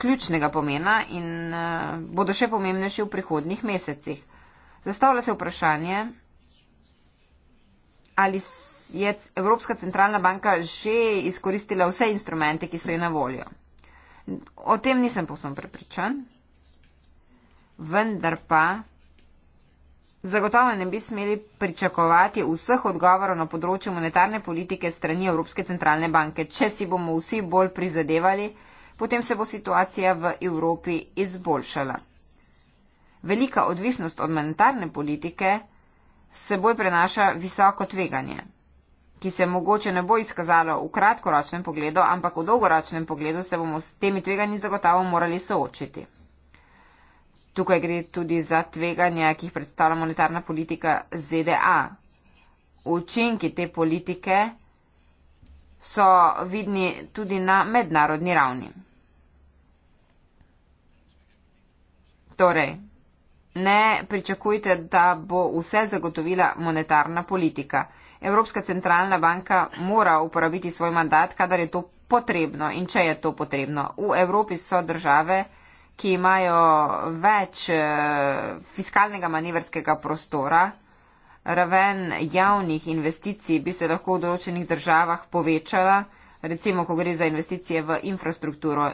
ključnega pomena in eh, bodo še pomembnejši v prihodnih mesecih. Zastavlja se vprašanje, ali so je Evropska centralna banka že izkoristila vse instrumente, ki so ji na voljo. O tem nisem posebno prepričan, vendar pa zagotovo ne bi smeli pričakovati vseh odgovorov na področju monetarne politike strani Evropske centralne banke. Če si bomo vsi bolj prizadevali, potem se bo situacija v Evropi izboljšala. Velika odvisnost od monetarne politike seboj prenaša visoko tveganje ki se mogoče ne bo izkazalo v kratkoročnem pogledu, ampak v dolgoročnem pogledu se bomo s temi tveganji zagotovo morali soočiti. Tukaj gre tudi za tveganja, ki jih predstavlja monetarna politika ZDA. Učinki te politike so vidni tudi na mednarodni ravni. Torej, ne pričakujte, da bo vse zagotovila monetarna politika. Evropska centralna banka mora uporabiti svoj mandat, kadar je to potrebno in če je to potrebno. V Evropi so države, ki imajo več eh, fiskalnega manevrskega prostora, raven javnih investicij bi se lahko v določenih državah povečala, recimo, ko gre za investicije v infrastrukturo.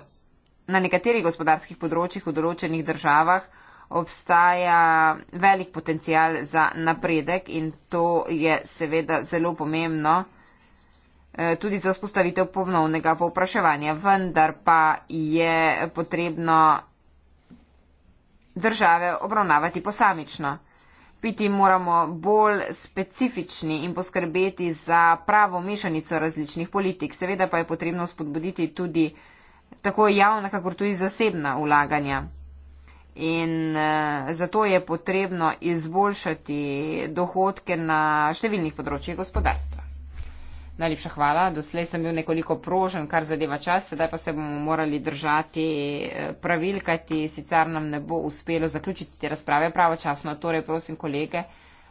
Na nekaterih gospodarskih področjih v določenih državah obstaja velik potencial za napredek in to je seveda zelo pomembno eh, tudi za vzpostavitev ponovnega povpraševanja. Vendar pa je potrebno države obravnavati posamično. Biti moramo bolj specifični in poskrbeti za pravo mešanico različnih politik. Seveda pa je potrebno spodbuditi tudi tako javna, kakor tudi zasebna vlaganja. In eh, zato je potrebno izboljšati dohodke na številnih področjih gospodarstva. Najlepša hvala. Doslej sem bil nekoliko prožen, kar zadeva čas, sedaj pa se bomo morali držati eh, pravil, kajti sicer nam ne bo uspelo zaključiti te razprave pravočasno. Torej prosim kolege,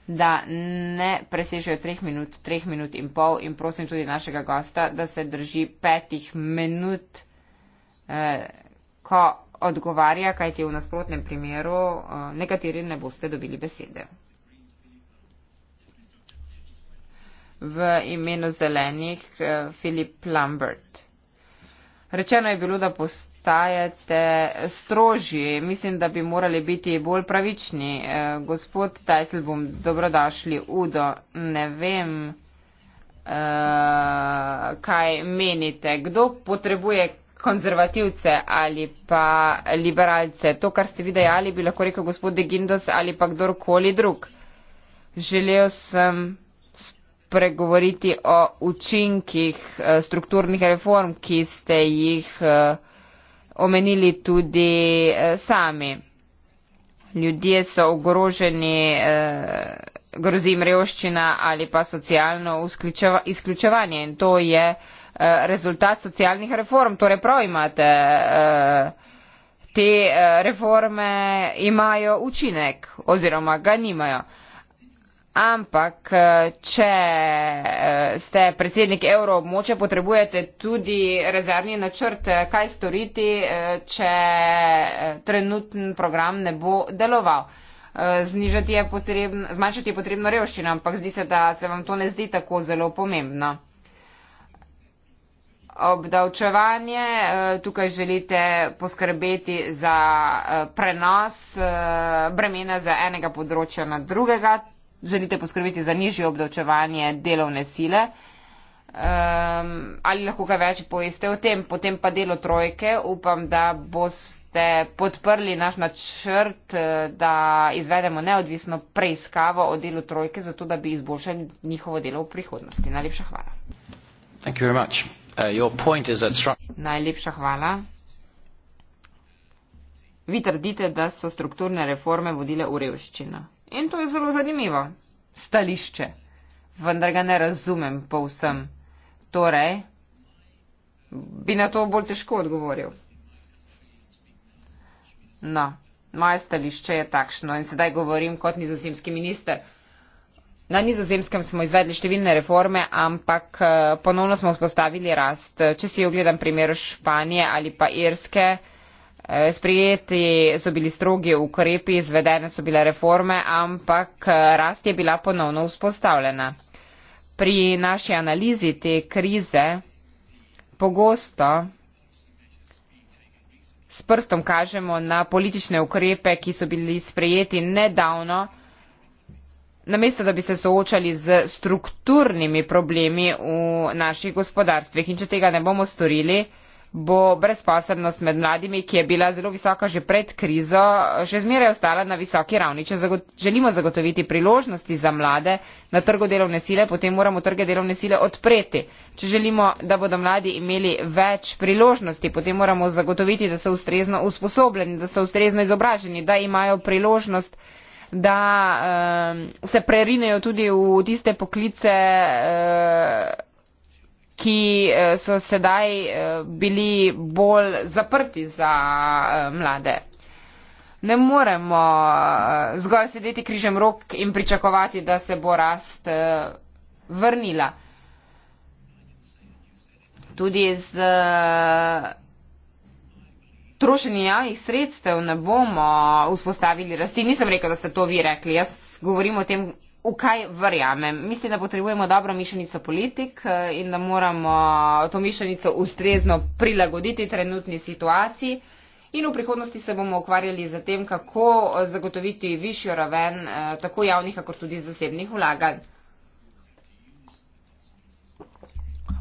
da ne presežejo treh minut, treh minut in pol in prosim tudi našega gosta, da se drži petih minut, eh, ko odgovarja, kaj ti v nasprotnem primeru eh, nekateri ne boste dobili besede. V imenu zelenih Filip eh, Lambert. Rečeno je bilo, da postajate strožji. Mislim, da bi morali biti bolj pravični. Eh, gospod Dajselbom, dobrodošli. Udo, ne vem, kaj menite. Kdo potrebuje konzervativce ali pa liberalce. To, kar ste vi dejali, bi lahko rekel gospod De Gindos ali pa kdorkoli drug. Želel sem spregovoriti o učinkih eh, strukturnih reform, ki ste jih eh, omenili tudi eh, sami. Ljudje so ogroženi, grozi jim revščina ali pa socialno izključevanje in to je Eh, rezultat socialnih reform. Torej, prav imate, eh, te eh, reforme imajo učinek oziroma ga nimajo. Ampak, če ste predsednik evroobmoče, potrebujete tudi rezervni načrt, kaj storiti, če trenutni program ne bo deloval. Je potrebno, zmanjšati je potrebno revščino, ampak zdi se, da se vam to ne zdi tako zelo pomembno obdavčevanje, eh, tukaj želite poskrbeti za eh, prenos eh, bremena za enega področja na drugega, želite poskrbeti za nižje obdavčevanje delovne sile. Um, ali lahko kaj več poveste o tem, potem pa delo trojke. Upam, da boste podprli naš načrt, da izvedemo neodvisno preiskavo o delu trojke, zato da bi izboljšali njihovo delo v prihodnosti. Najlepša hvala. Thank you very much. Uh, Najlepša hvala. Vi trdite, da so strukturne reforme vodile v revščino. In to je zelo zanimivo stališče, vendar ga ne razumem povsem. Torej, bi na to bolj težko odgovoril. No, moje stališče je takšno in sedaj govorim kot nizozemski minister. Na nizozemskem smo izvedli številne reforme, ampak eh, ponovno smo vzpostavili rast. Če si ogledam primer Španije ali pa Irske, eh, sprijeti so bili strogi ukrepi, izvedene so bile reforme, ampak eh, rast je bila ponovno vzpostavljena. Pri naši analizi te krize pogosto s prstom kažemo na politične ukrepe, ki so bili sprejeti nedavno, namesto da bi se soočali z strukturnimi problemi v naših gospodarstvih. In če tega ne bomo storili, bo brezposobnost med mladimi, ki je bila zelo visoka že pred krizo, še zmeraj ostala na visoki ravni. Če zago želimo zagotoviti priložnosti za mlade na trgu delovne sile, potem moramo trge delovne sile odpreti. Če želimo, da bodo mladi imeli več priložnosti, potem moramo zagotoviti, da so ustrezno usposobljeni, da so ustrezno izobraženi, da imajo priložnost da uh, se prerinejo tudi v tiste poklice, uh, ki eh, so sedaj eh, bili bolj zaprti za uh, mlade. Ne moremo zgolj sedeti križem rok in pričakovati, da se bo rast vrnila. Tudi z trošenje javnih sredstev ne bomo vzpostavili rasti. Nisem rekel, da ste to vi rekli. Jaz govorim o tem, v kaj verjamem. Mislim, da potrebujemo dobro mišljenico politik eh, in da moramo to mišljenico ustrezno prilagoditi trenutni situaciji. In v prihodnosti se bomo ukvarjali z tem, kako zagotoviti višjo raven eh, tako javnih, kakor tudi zasebnih vlaganj.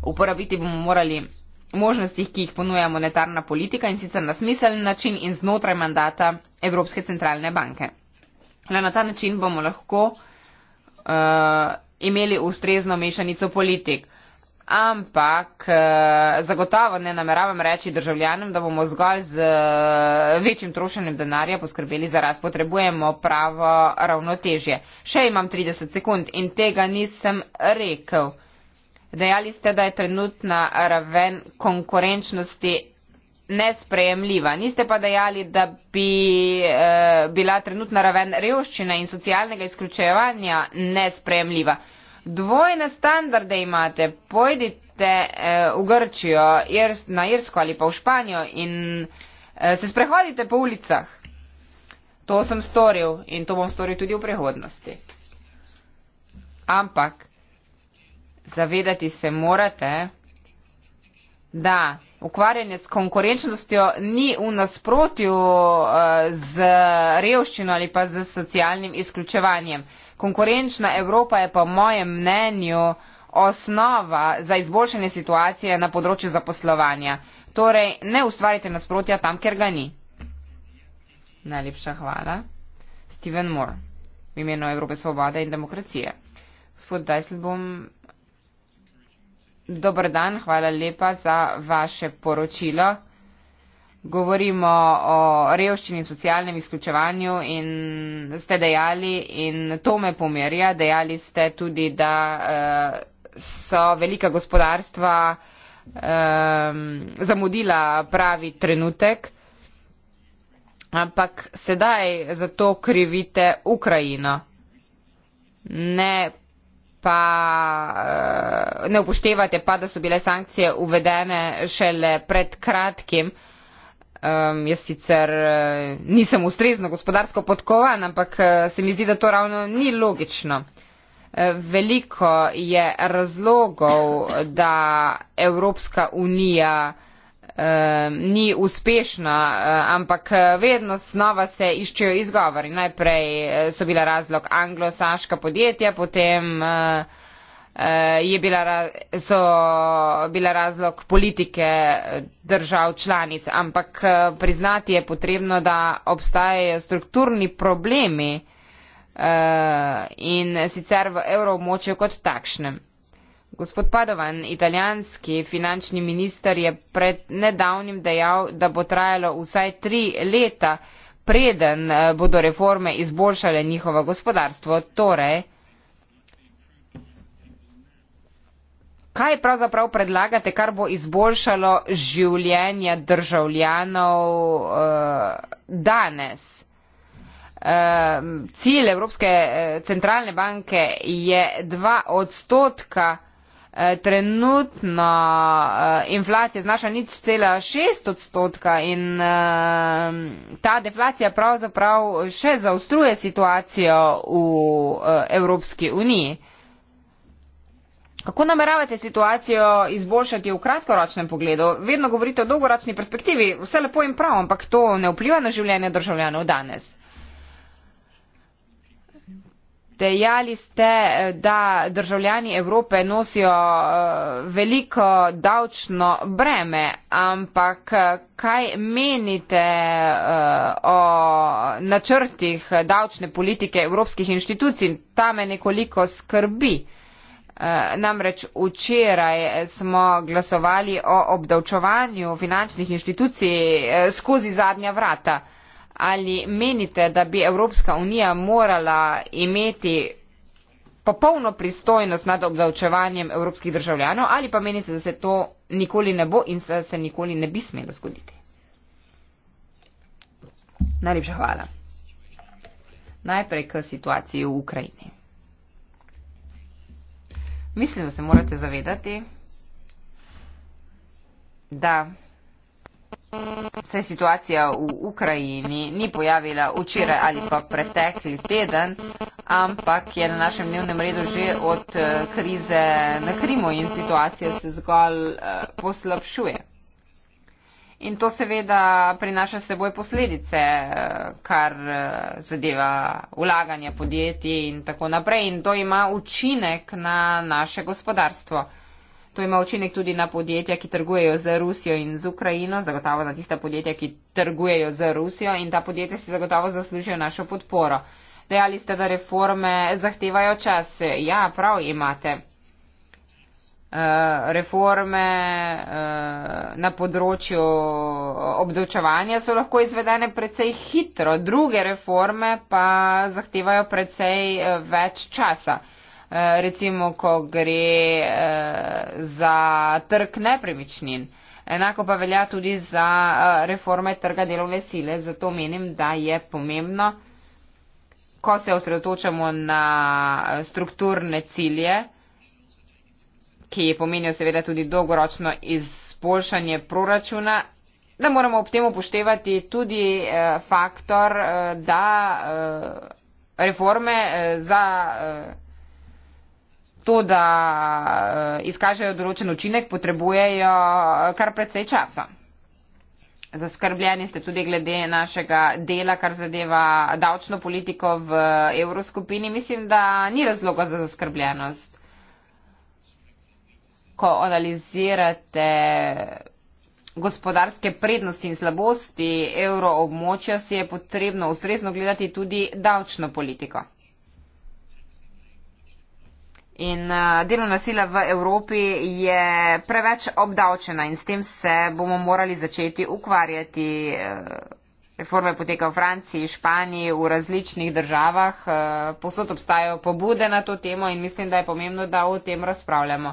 Uporabiti bomo morali možnostih, ki jih ponuja monetarna politika in sicer na smiseln način in znotraj mandata Evropske centralne banke. Le na ta način bomo lahko uh, imeli ustrezno mešanico politik. Ampak eh, zagotovo ne nameravam reči državljanom, da bomo zgolj z eh, večjim trošenjem denarja poskrbeli za rast. Potrebujemo pravo ravnotežje. Še imam 30 sekund in tega nisem rekel. Dejali ste, da je trenutna raven konkurenčnosti nesprejemljiva. Niste pa dejali, da bi eh, bila trenutna raven revščine in socialnega izključevanja nesprejemljiva. Dvojne standarde imate. Pojdite eh, v Grčijo, irs, na Irsko ali pa v Španijo in eh, se sprehodite po ulicah. To sem storil in to bom storil tudi v prihodnosti. Ampak zavedati se morate, da ukvarjanje s konkurenčnostjo ni v nasprotju eh, z revščino ali pa z socialnim izključevanjem. Konkurenčna Evropa je po mojem mnenju osnova za izboljšanje situacije na področju zaposlovanja. Torej, ne ustvarite nasprotja tam, ker ga ni. Najlepša hvala. Steven Moore, v imenu Evrope svobode in demokracije. Gospod Dajsel bom Dobro dan, hvala lepa za vaše poročilo. Govorimo o revščini in socialnem izključevanju in ste dejali, in to me pomerja, dejali ste tudi, da eh, so velika gospodarstva ehm, zamudila pravi trenutek. Ampak sedaj za to krivite Ukrajino, ne pa, eh, ne upoštevate pa, da so bile sankcije uvedene šele pred kratkim. Um, jaz sicer eh, nisem ustrezno gospodarsko podkovan, ampak eh, se mi zdi, da to ravno ni logično. Veliko je razlogov, da Evropska unija Eh, ni uspešna, eh, ampak eh, vedno znova se iščejo izgovori. Najprej so bila razlog anglosaška podjetja, potem je bila, so bila razlog politike držav članic, ampak priznati je potrebno, da obstajajo strukturni problemi in sicer v evroobmočju kot takšnem. Gospod Padovan, italijanski finančni minister je pred nedavnim dejal, da bo trajalo vsaj tri leta, preden eh, bodo reforme izboljšale njihovo gospodarstvo. Torej, kaj pravzaprav predlagate, kar bo izboljšalo življenje državljanov uh, danes? Uh, cilj Evropske centralne banke je 2 odstotka Eh, trenutno eh, inflacija znaša nič cela šest odstotka in eh, ta deflacija pravzaprav še zaostruje situacijo v Evropski uniji. Kako nameravate situacijo izboljšati v kratkoročnem pogledu? Vedno govorite o dolgoročni perspektivi, vse lepo in prav, ampak to ne vpliva na življenje državljanov danes. Dejali ste, eh, da državljani Evrope nosijo eh, veliko davčno breme, ampak eh, kaj menite o načrtih davčne politike evropskih inštitucij? Ta me nekoliko skrbi. Namreč včeraj smo glasovali o obdavčovanju finančnih inštitucij skozi zadnja vrata ali menite, da bi Evropska unija morala imeti popolno pristojnost nad obdavčevanjem evropskih državljanov ali pa menite, da se to nikoli ne bo in da se nikoli ne bi smelo zgoditi? Najlepša hvala. Najprej k situaciji v Ukrajini. Mislim, da se morate zavedati, da Se situacija v Ukrajini ni pojavila včeraj ali pa pretekli teden, ampak je na našem dnevnem redu že od eh, krize na Krimu in situacija se zgolj eh, poslabšuje. In to seveda prinaša seboj posledice, eh, kar zadeva vlaganje podjetij in tako naprej. In to ima učinek na naše gospodarstvo. To ima učinek tudi na podjetja, ki trgujejo z Rusijo in z Ukrajino, zagotovo na tista podjetja, ki trgujejo z Rusijo in ta podjetja si zagotovo zaslužijo našo podporo. Dejali ste, da reforme zahtevajo čas. Ja, prav imate. Eh, reforme eh, na področju obdočevanja so lahko izvedene precej hitro, druge reforme pa zahtevajo precej eh, več časa. Eh, recimo, ko gre eh, za trg nepremičnin. Enako pa velja tudi za eh, reforme trga delovne sile, zato menim, da je pomembno, ko se osredotočamo na strukturne cilje, ki pomenijo seveda tudi dolgoročno izboljšanje proračuna, da moramo ob tem upoštevati tudi faktor, da reforme za to, da eh, izkažejo določen učinek, potrebujejo eh, kar precej časa. Zaskrbljeni ste tudi glede našega dela, kar zadeva davčno politiko v eh, evroskupini. Mislim, da ni razloga za zaskrbljenost. Ko analizirate gospodarske prednosti in slabosti evroobmočja, si je potrebno ustrezno gledati tudi davčno politiko. In eh, delovna sila v Evropi je preveč obdavčena in s tem se bomo morali začeti ukvarjati. Eh, reforme poteka v Franciji, Španiji, v različnih državah. Eh, Posod obstajajo pobude na to temo in mislim, da je pomembno, da o tem razpravljamo.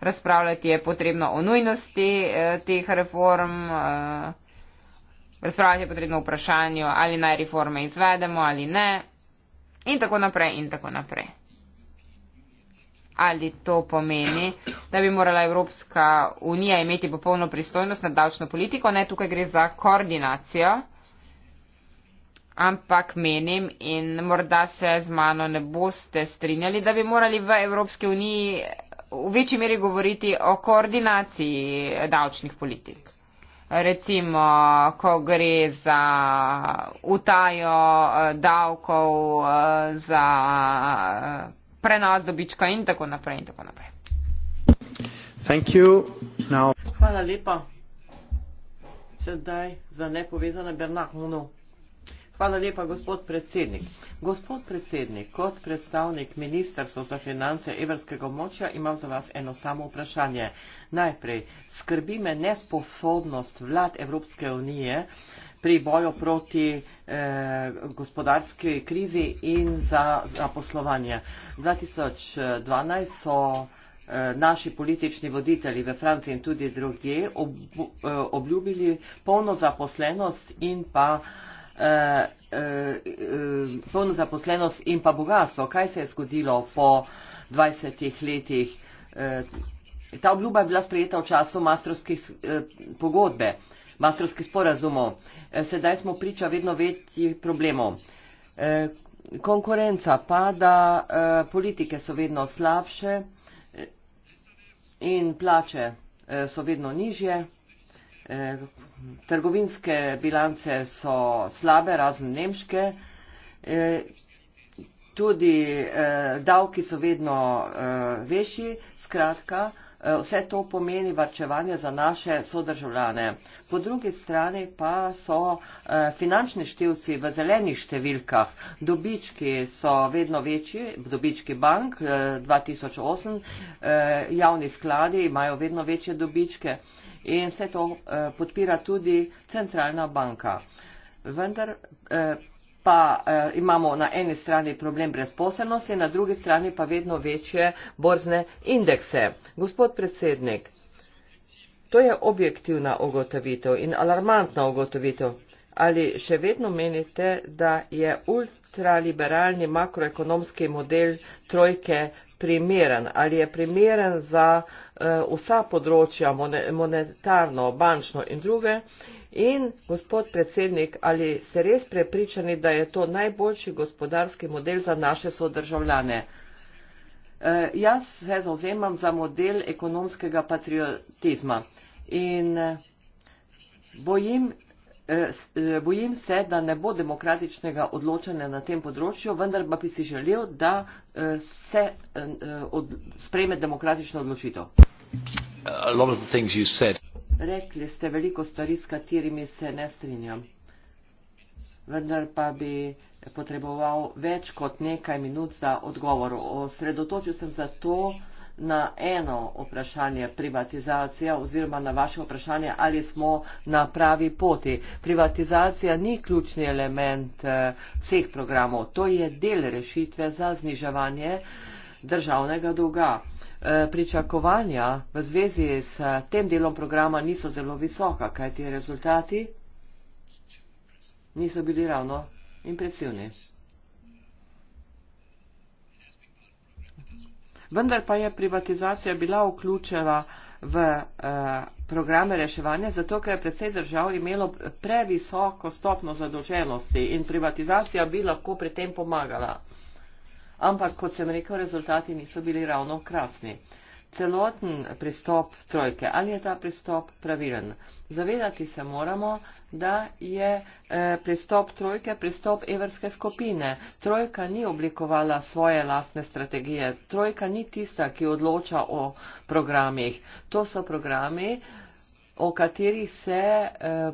Razpravljati je potrebno o nujnosti teh reform. Razpravljati je potrebno o vprašanju, ali naj reforme izvedemo ali ne. In tako naprej, in tako naprej. Ali to pomeni, da bi morala Evropska unija imeti popolno pristojnost nad davčno politiko? Ne, tukaj gre za koordinacijo. Ampak menim in morda se z mano ne boste strinjali, da bi morali v Evropski uniji v večji meri govoriti o koordinaciji davčnih politik. Recimo, ko gre za utajo eh, davkov, eh, za prenos dobička in tako naprej. In tako naprej. Hvala lepa. Sedaj za nepovezane Bernard Munu. Hvala lepa, gospod predsednik. Gospod predsednik, kot predstavnik Ministrstva za finance evrskega območja imam za vas eno samo vprašanje. Najprej, skrbi me nesposobnost vlad Evropske unije, uh, pri boju proti eh, gospodarski krizi in za zaposlovanje. 2012 so eh, naši politični voditelji v Franciji in tudi druge ob, eh, obljubili polno zaposlenost in pa Uh, uh, uh, polno zaposlenost in pa bogatstvo. Kaj se je zgodilo po 20 letih? Uh, ta obljuba je bila sprejeta v času mastrovskih uh, pogodbe. Uh, masterski sporazumov. E, sedaj smo priča vedno večjih problemov. E, konkurenca pada, e, politike so vedno slabše in plače so vedno nižje. Trgovinske bilance so slabe, razen nemške. Tudi davki so vedno večji. Skratka, Eh, vse to pomeni varčevanje za naše sodržavljane. Po drugi strani pa so eh, finančni števci v zelenih številkah. Dobički so vedno večji, dobički bank 2008, eh, javni skladi imajo vedno večje dobičke in vse to podpira tudi centralna banka. Vendar pa eh, imamo na eni strani problem brezposelnosti, na drugi strani pa vedno večje borzne indekse. Gospod predsednik, to je objektivna ogotovitev in alarmantna ogotovitev. Ali še vedno menite, da je ultraliberalni makroekonomski model trojke primeren? Ali je primeren za. Eh, vsa področja, monetarno, bančno in druge. In, gospod predsednik, ali ste res prepričani, da je to najboljši gospodarski model za naše sodržavljane? E, jaz se zauzemam za model ekonomskega patriotizma in eh, bojim Eh, eh, bojim se, da ne bo demokratičnega odločanja na tem področju, vendar pa bi si želel, da eh, se od, spreme demokratično odločitev. Rekli ste veliko stvari, s katerimi se ne strinjam, vendar pa bi potreboval več kot nekaj minut za odgovor. Osredotočil sem za to, na eno vprašanje privatizacija oziroma na vaše vprašanje, ali smo na pravi poti. Privatizacija ni ključni element eh, vseh programov, to je del rešitve za zniževanje državnega dolga. Eh, pričakovanja v zvezi s tem delom programa niso zelo visoka, kajti rezultati niso bili ravno impresivni. Vendar pa je privatizacija bila vključena v eh, programe reševanja, zato ker je predvsej držav imelo previsoko stopno zadolženosti in privatizacija bi lahko pri tem pomagala. Ampak, kot sem rekel, rezultati niso bili ravno krasni celoten pristop trojke. Ali je ta pristop pravilen? Zavedati se moramo, da je eh, pristop trojke pristop evrske skupine. Trojka ni oblikovala svoje lastne strategije. Trojka ni tista, ki odloča o programih. To so programi o katerih se eh,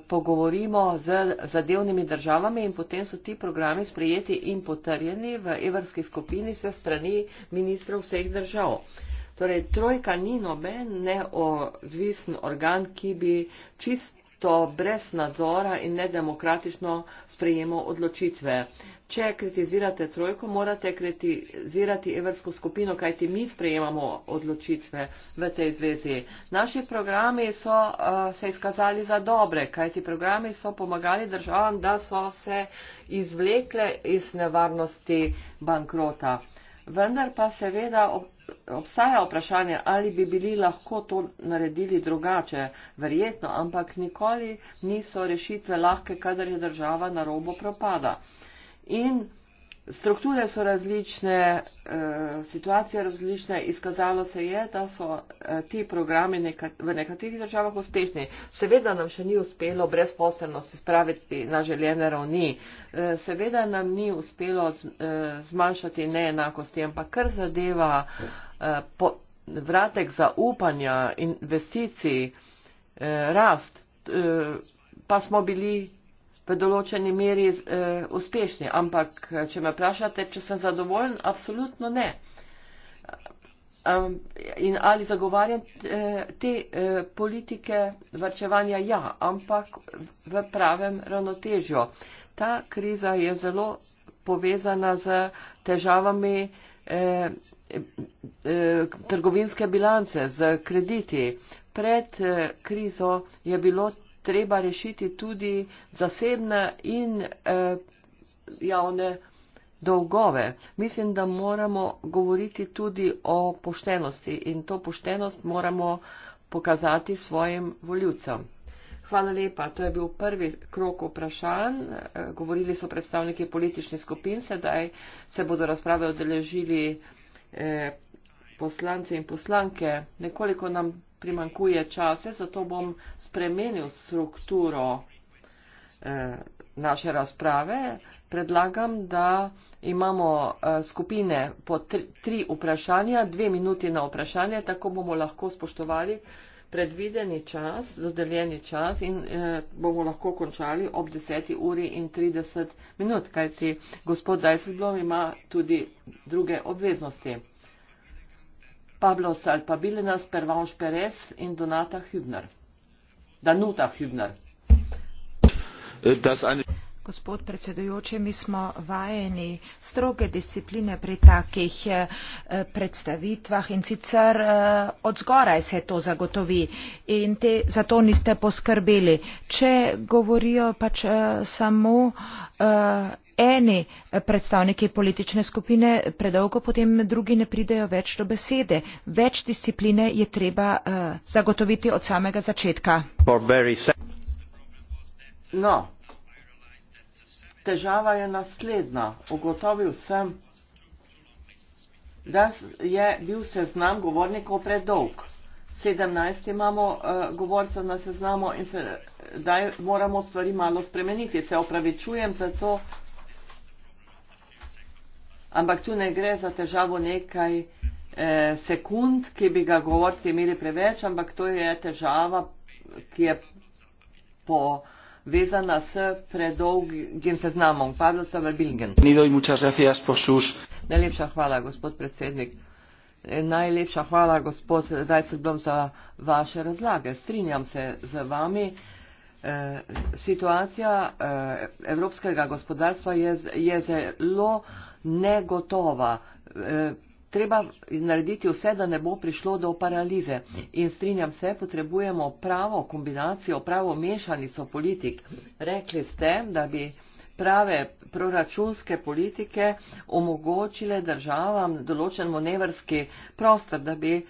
pogovorimo z zadevnimi državami in potem so ti programi sprejeti in potrjeni v evrskih skupini se strani ministrov vseh držav. Eh, Torej, trojka ni noben neovisen organ, ki bi čisto brez nadzora in nedemokratično sprejemal odločitve. Če kritizirate trojko, morate kritizirati evrsko skupino, kajti mi sprejemamo odločitve v tej zvezi. Naši programi so uh, se izkazali za dobre, kajti programi so pomagali državam, da so se izvlekle iz nevarnosti bankrota. Vendar pa seveda obstaja vprašanje, ali bi bili lahko to naredili drugače. Verjetno, ampak nikoli niso rešitve lahke, kadar je država na robo propada. In strukture so različne, eh, situacija je različna, izkazalo se je, da so eh, ti programi v nekaterih državah uspešni. Seveda nam še ni uspelo brezposelnost spraviti na željene ravni, eh, seveda nam ni uspelo zmanjšati neenakosti, ampak kar zadeva vratek zaupanja, investicij, rast, pa smo bili določeni meri eh, uspešni. Ampak, eh, če me vprašate, če sem zadovoljen, absolutno ne. Um, in ali zagovarjam te, eh, te eh, politike vrčevanja? Ja, ampak v pravem ravnotežju. Ta kriza je zelo povezana z težavami eh, eh, trgovinske bilance, z krediti. Pred eh, krizo je bilo treba rešiti tudi zasebne in eh, javne dolgove. Mislim, da moramo govoriti tudi o poštenosti in to poštenost moramo pokazati svojim voljivcem. Hvala lepa. To je bil prvi krok vprašanj. Eh, govorili so predstavniki političnih skupin, sedaj se bodo razprave odeležili eh, poslanci in poslanke. Nekoliko nam primankuje čase, zato bom spremenil strukturo eh, naše razprave. Predlagam, da imamo eh, skupine po tri, tri vprašanja, dve minuti na vprašanje, tako bomo lahko spoštovali predvideni čas, dodeljeni čas in eh, bomo lahko končali ob 10. uri in 30 minut, kajti gospod Dajsvidlom ima tudi druge obveznosti. Pablo Salpabilenas, Pervanš Perez in Donata Hübner. Danuta Hübner. Gospod predsedujoči, mi smo vajeni stroge discipline pri takih eh, predstavitvah in sicer eh, od zgoraj se to zagotovi in te, za to niste poskrbeli. Če govorijo pač eh, samo eni predstavniki politične skupine predolgo potem drugi ne pridejo več do besede. Več discipline je treba uh, zagotoviti od samega začetka. No, težava je naslednja. Ugotovil sem, da je bil seznam govornikov predolg. 17 imamo uh, govorcev na seznamu in se, da moramo stvari malo spremeniti. Se opravičujem za to ampak tu ne gre za težavo nekaj eh, sekund, ki bi ga govorci imeli preveč, ampak to je težava, ki je po vezana s predolgim seznamom. Pavlo Savabilgen. Najlepša hvala, gospod predsednik. Eh, najlepša hvala, gospod Dajsoblom, za vaše razlage. Strinjam se z vami. Eh, situacija eh, evropskega gospodarstva je, je zelo negotova. Eh, treba narediti vse, da ne bo prišlo do paralize. In strinjam se, potrebujemo pravo kombinacijo, pravo mešanico politik. Rekli ste, da bi prave proračunske politike omogočile državam določen manevrski prostor, da bi eh,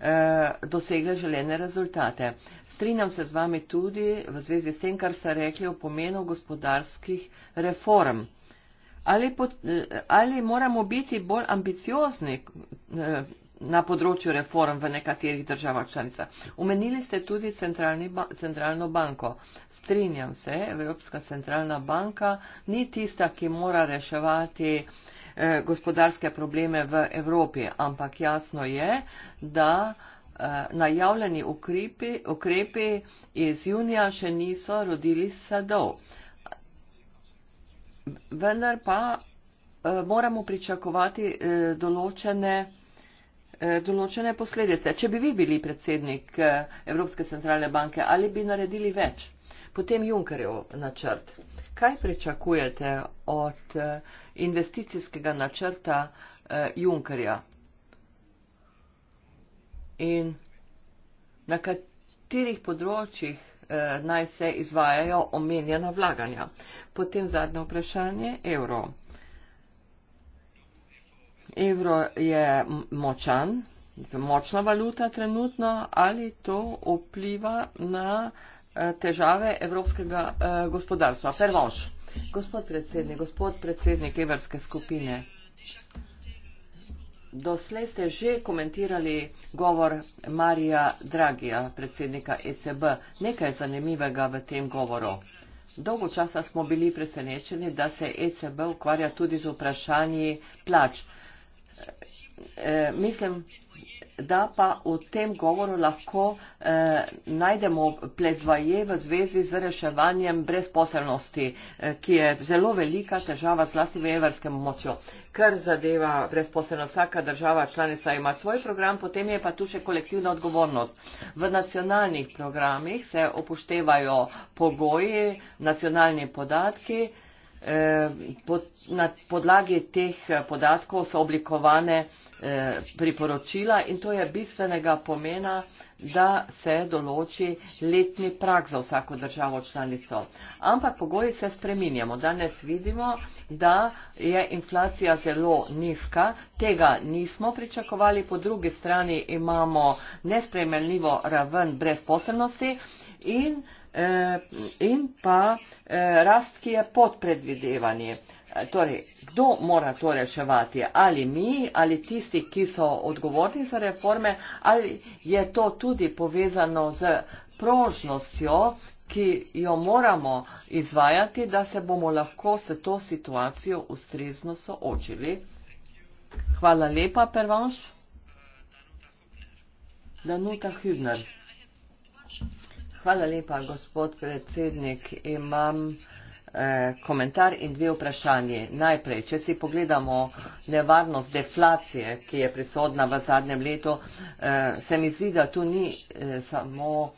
Eh, dosegle želene rezultate. Strinjam se z vami tudi v zvezi s tem, kar ste rekli o pomenu gospodarskih reform. Ali, pot, eh, ali moramo biti bolj ambiciozni eh, na področju reform v nekaterih državah članicah? Umenili ste tudi ba, centralno banko. Strinjam se, Evropska centralna banka ni tista, ki mora reševati uh, Eh, gospodarske probleme v Evropi. Ampak jasno je, da eh, najavljeni ukrepi, ukrepi iz junija še niso rodili sadov. Vendar pa eh, moramo pričakovati določene določene posledice. Če bi vi bili predsednik Evropske centralne banke, ali bi naredili več? Potem Junkerjev načrt. Kaj pričakujete od eh, investicijskega načrta eh, Junkerja? In na katerih področjih eh, naj se izvajajo omenjena vlaganja? Potem zadnje vprašanje, evro. Evro je močan, močna valuta trenutno, ali to vpliva na. Eh, težave evropskega uh, gospodarstva. Prvoš, gospod predsednik, gospod predsednik evropske skupine, doslej ste že komentirali govor Marija Dragija, predsednika ECB. Nekaj zanimivega v tem govoru. Dolgo časa smo bili presenečeni, da se ECB ukvarja tudi z vprašanji plač. E, mislim, da pa v tem govoru lahko eh, najdemo pledvaje v zvezi z reševanjem brezposelnosti, eh, ki je zelo velika težava zlasti v evrskem močju. Kar zadeva brezposelnost, vsaka država članica ima svoj program, potem je pa tu še kolektivna odgovornost. V nacionalnih programih se upoštevajo pogoji, nacionalni podatki. Eh, pod, na podlagi teh podatkov so oblikovane eh, Eh, priporočila in to je bistvenega pomena, da se določi letni prak za vsako državo članico. Ampak pogoji se spreminjamo. Danes vidimo, da je inflacija zelo nizka, tega nismo pričakovali, po drugi strani imamo nespremenljivo raven brezposobnosti in, eh, in pa eh, rast, ki je pod predvidevanjem. Eh, torej, kdo mora to reševati? Ali mi, ali tisti, ki so odgovorni za reforme, ali je to tudi povezano z prožnostjo, ki jo moramo izvajati, da se bomo lahko s to situacijo ustrezno soočili? Hvala lepa, Pervanš. Danuta Hübner. Hvala lepa, gospod predsednik. Imam Eh, komentar in dve vprašanje. Najprej, če si pogledamo nevarnost deflacije, ki je prisodna v zadnjem letu, eh, se mi zdi, da tu ni eh, samo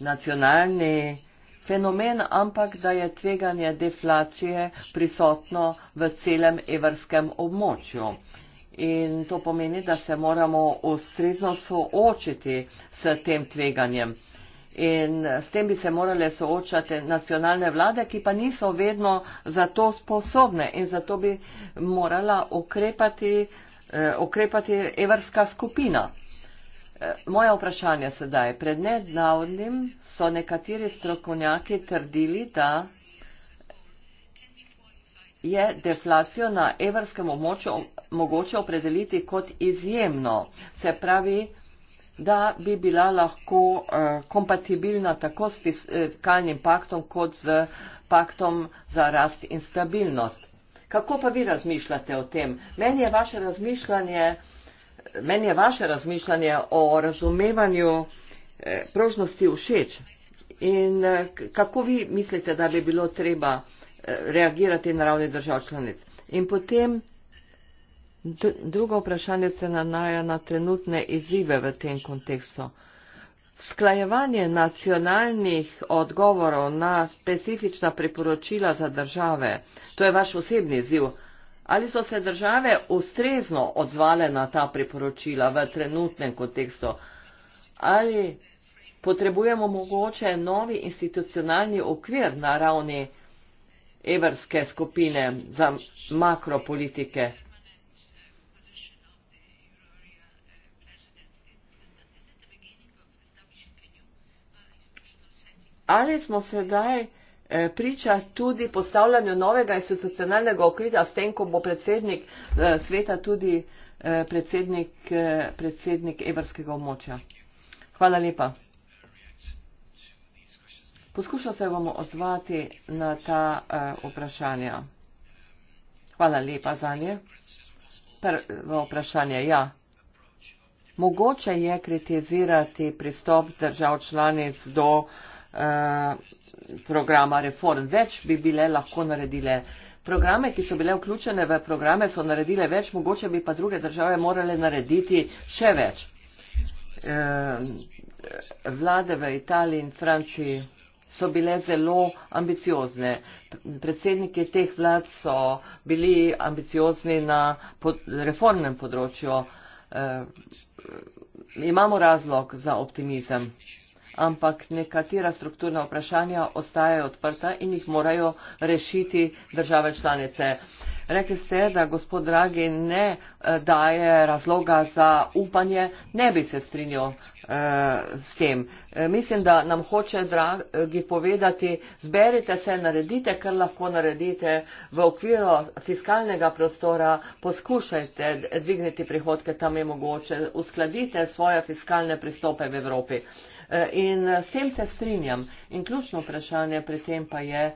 nacionalni fenomen, ampak da je tveganje deflacije prisotno v celem evrskem območju. In to pomeni, da se moramo ustrezno soočiti s tem tveganjem in s tem bi se morale soočati nacionalne vlade, ki pa niso vedno za to sposobne in zato bi morala ukrepati, eh, ukrepati evrska skupina. Eh, moje vprašanje sedaj. Pred nedavnim so nekateri strokovnjaki trdili, da je deflacijo na evrskem območju mogoče opredeliti kot izjemno. Se pravi, da bi bila lahko eh, kompatibilna tako s eh, fiskalnim paktom kot z paktom za rast in stabilnost. Kako pa vi razmišljate o tem? Meni je vaše razmišljanje, meni je vaše razmišljanje o razumevanju eh, prožnosti všeč. In kako vi mislite, da bi bilo treba reagirati na ravni držav članic? In potem Drugo vprašanje se nanaja na trenutne izzive v tem kontekstu. Sklajevanje nacionalnih odgovorov na specifična priporočila za države, to je vaš osebni izziv. Ali so se države ustrezno odzvale na ta priporočila v trenutnem kontekstu? Ali potrebujemo mogoče novi institucionalni okvir na ravni evrske skupine za makropolitike? ali smo sedaj e, priča tudi postavljanju novega institucionalnega okvira, s tem, ko bo predsednik e, sveta tudi e, predsednik, predsednik evrskega območja. Hvala lepa. Poskušal se bom odzvati na ta vprašanja. Hvala lepa za nje. Prvo vprašanje, ja. Mogoče je kritizirati pristop držav članic do uh, Eh, programa reform. Več bi bile lahko naredile. Programe, ki so bile vključene v programe, so naredile več, mogoče bi pa druge države morale narediti še več. Eh, vlade v Italiji in Franciji so bile zelo ambiciozne. Predsedniki teh vlad so bili ambiciozni na reformnem področju. Eh, imamo razlog za optimizem ampak nekatera strukturna vprašanja ostajajo odprta in jih morajo rešiti države članice. Rekli ste, da gospod Dragi ne eh, daje razloga za upanje, ne bi se strinjal eh, s tem. Eh, mislim, da nam hoče Dragi povedati, zberite se, naredite, kar lahko naredite v okviru fiskalnega prostora, poskušajte dvigniti prihodke tam je mogoče, uskladite svoje fiskalne pristope v Evropi. Eh, In s tem se strinjam. In ključno vprašanje pri tem pa je,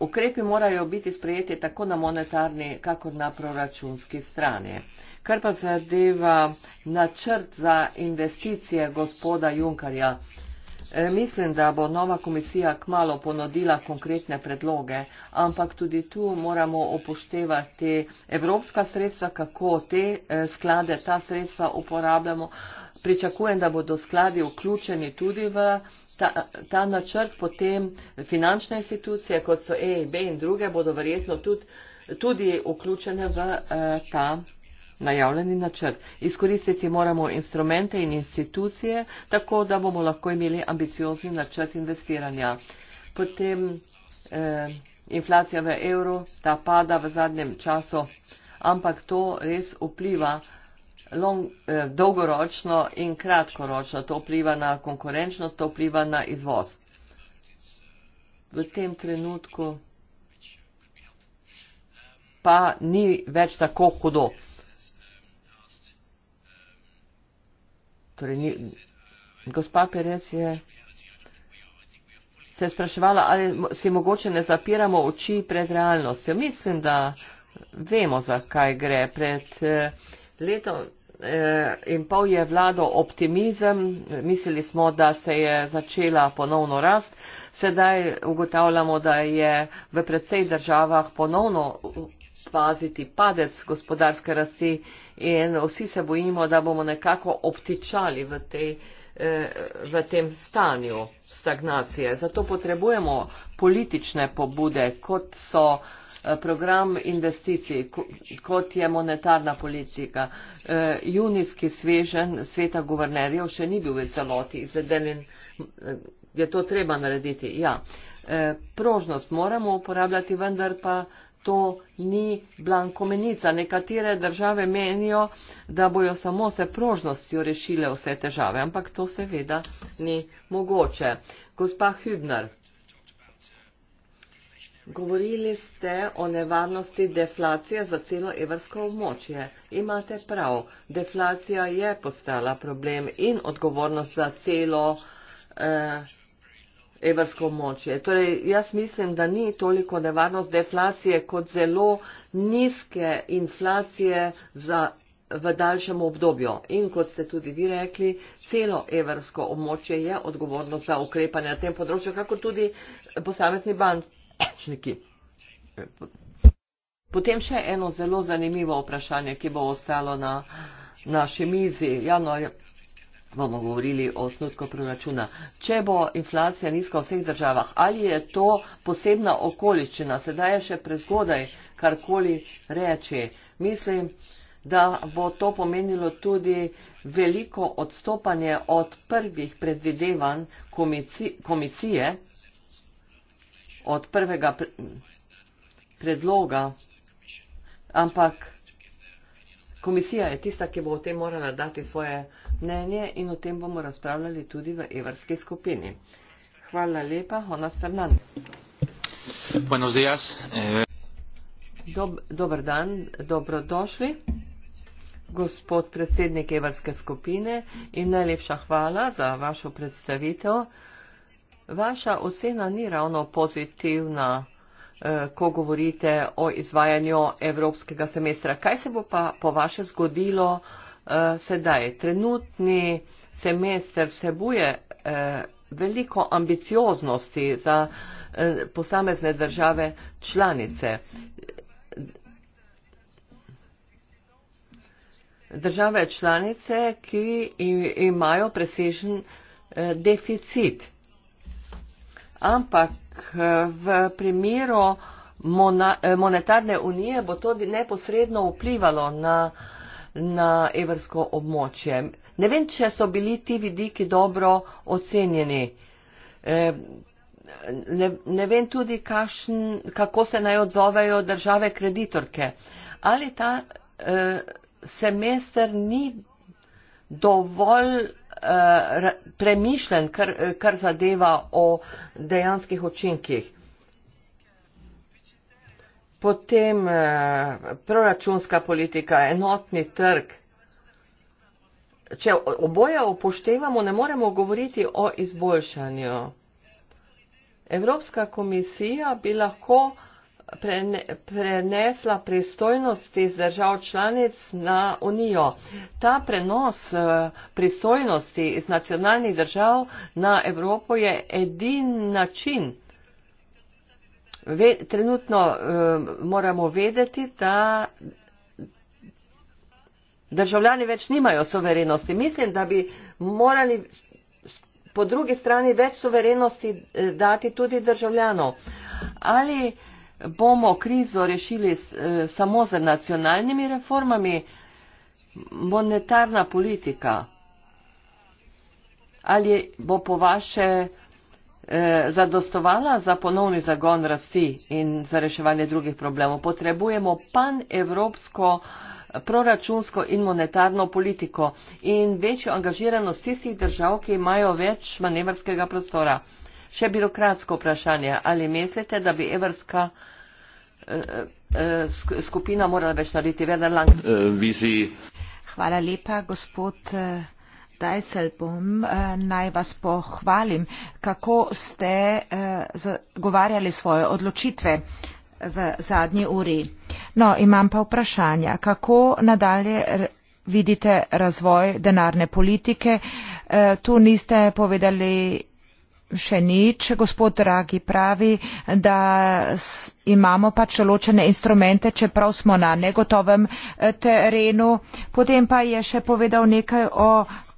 ukrepi morajo biti sprejeti tako na monetarni, kakor na proračunski strani. Kar pa zadeva načrt za investicije gospoda Junkarja. E, mislim, da bo nova komisija kmalo ponodila konkretne predloge, ampak tudi tu moramo upoštevati evropska sredstva, kako te e, sklade, ta sredstva uporabljamo pričakujem, da bodo skladi vključeni tudi v ta, ta načrt, potem finančne institucije, kot so EIB in druge, bodo verjetno tudi, tudi vključene v eh, ta najavljeni načrt. Izkoristiti moramo instrumente in institucije, tako da bomo lahko imeli ambiciozni načrt investiranja. Potem eh, inflacija v evru, ta pada v zadnjem času, ampak to res vpliva long, eh, dolgoročno in kratkoročno. To vpliva na konkurenčno, to vpliva na izvoz. V tem trenutku pa ni več tako hudo. Torej, ni, gospa Perez je se spraševala, ali si mogoče ne zapiramo oči pred realnostjo. Mislim, da vemo, zakaj gre. Pred eh, letom Eh, in pol je vlado optimizem, mislili smo, da se je začela ponovno rast, sedaj ugotavljamo, da je v predvsej državah ponovno paziti padec gospodarske rasti in vsi se bojimo, da bomo nekako obtičali v tej v tem stanju stagnacije. Zato potrebujemo politične pobude, kot so eh, program investicij, kot je monetarna politika. Eh, junijski svežen sveta guvernerjev še ni bil v celoti izveden in eh, je to treba narediti. Ja, prožnost moramo uporabljati, vendar pa to ni blankomenica. Nekatere države menijo, da bojo samo se prožnostjo rešile vse težave, ampak to seveda ni mogoče. Gospa Hübner, govorili ste o nevarnosti deflacije za celo evrsko območje. Imate prav, deflacija je postala problem in odgovornost za celo. Eh, evrsko območje. Torej, jaz mislim, da ni toliko nevarnost deflacije kot zelo nizke inflacije za, v daljšem obdobju. In kot ste tudi vi rekli, celo evrsko območje je odgovorno za ukrepanje na tem področju, kako tudi posamezni bančniki. Potem še eno zelo zanimivo vprašanje, ki bo ostalo na naši mizi. Januar, bomo govorili o osnutku proračuna. Če bo inflacija nizka v vseh državah, ali je to posebna okoliščina, sedaj je še prezgodaj karkoli reči. Mislim, da bo to pomenilo tudi veliko odstopanje od prvih predvidevanj komisije, od prvega predloga, ampak Komisija je tista, ki bo o tem morala dati svoje mnenje in o tem bomo razpravljali tudi v evrski skupini. Hvala lepa, Hona Strnan. Buenos dias. Eh. Dob, dobar dan, dobrodošli, gospod predsednik evrske skupine in najlepša hvala za vašo predstavitev. Vaša ocena ni ravno pozitivna. Eh, ko govorite o izvajanju evropskega semestra. Kaj se bo pa po vaše zgodilo eh, sedaj? Trenutni semester vsebuje eh, veliko ambicioznosti za posamezne države članice. Države članice, ki imajo presežen deficit. Ampak Eh, v primeru mona, eh, monetarne unije bo to neposredno vplivalo na, na evrsko območje. Ne vem, če so bili ti vidiki dobro ocenjeni. Eh, ne, ne vem tudi, kašn, kako se naj odzovejo države kreditorke. Ali ta semester ni dovolj Eh, premišljen, kar, kar zadeva o dejanskih očinkih. Potem eh, proračunska politika, enotni trg. Če oboje upoštevamo, ne moremo govoriti o izboljšanju. Evropska komisija bi lahko uh, prenesla pristojnosti z držav članic na Unijo. Ta prenos eh, pristojnosti iz nacionalnih držav na Evropo je edin način. Ve, trenutno uh, moramo vedeti, da državljani več nimajo soverenosti. Mislim, da bi morali po drugi strani več soverenosti eh, dati tudi državljanov. Ali uh, bomo krizo rešili eh, samo z nacionalnimi reformami, monetarna politika. Ali bo po vaše eh, zadostovala za ponovni zagon rasti in za reševanje drugih problemov? Potrebujemo panevropsko proračunsko in monetarno politiko in večjo angažiranost tistih držav, ki imajo več manevrskega prostora. Še birokratsko vprašanje, ali mislite, da bi evrska eh, eh, skupina morala več narediti? Eh, Hvala lepa, gospod. Dajcel bom, naj vas pohvalim, kako ste zagovarjali svoje odločitve v zadnji uri. No, imam pa vprašanja, kako nadalje vidite razvoj denarne politike. Tu niste povedali še nič. Gospod Dragi pravi, da imamo pač določene instrumente, čeprav smo na negotovem eh, terenu. Potem pa je še povedal nekaj o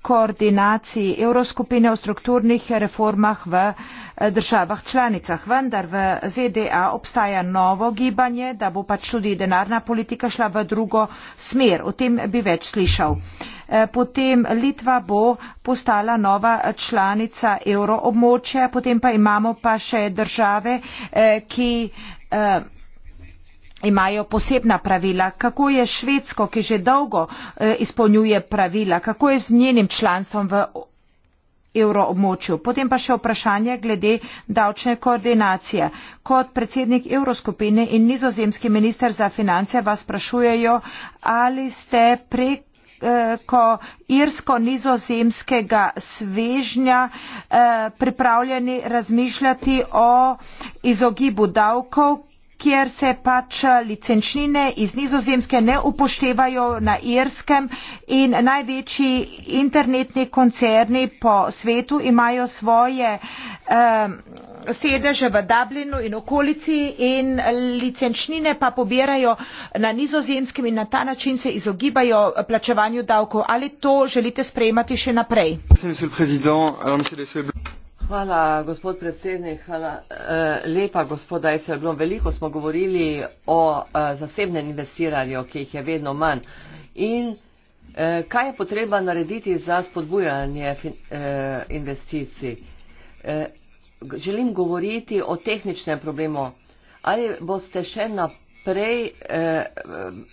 koordinaciji evroskupine o strukturnih reformah v eh, državah članicah. Vendar v ZDA obstaja novo gibanje, da bo pač tudi denarna politika šla v drugo smer. O tem bi več slišal. Eh, potem Litva bo postala nova članica evroobmočja, potem pa imamo pa še države, eh, ki imajo posebna pravila, kako je Švedsko, ki že dolgo eh, izpolnjuje pravila, kako je z njenim članstvom v evroobmočju. Potem pa še vprašanje glede davčne koordinacije. Kot predsednik evroskupine in nizozemski minister za finance vas sprašujejo, ali ste prek eh, ko irsko-nizozemskega svežnja eh, pripravljeni razmišljati o izogibu davkov, kjer se pač licenčnine iz nizozemske ne upoštevajo na irskem in največji internetni koncerni po svetu imajo svoje um, sedeže v Dublinu in okolici in licenčnine pa pobirajo na nizozemskem in na ta način se izogibajo plačevanju davkov. Ali to želite sprejemati še naprej? Merci, Hvala, gospod predsednik. Hvala eh, lepa, gospod Dajselblom. Veliko smo govorili o eh, zasebnem investiranju, ki jih je vedno manj. In eh, kaj je potreba narediti za spodbujanje investicij? Želim govoriti o tehničnem problemu. Ali boste še naprej? prej eh,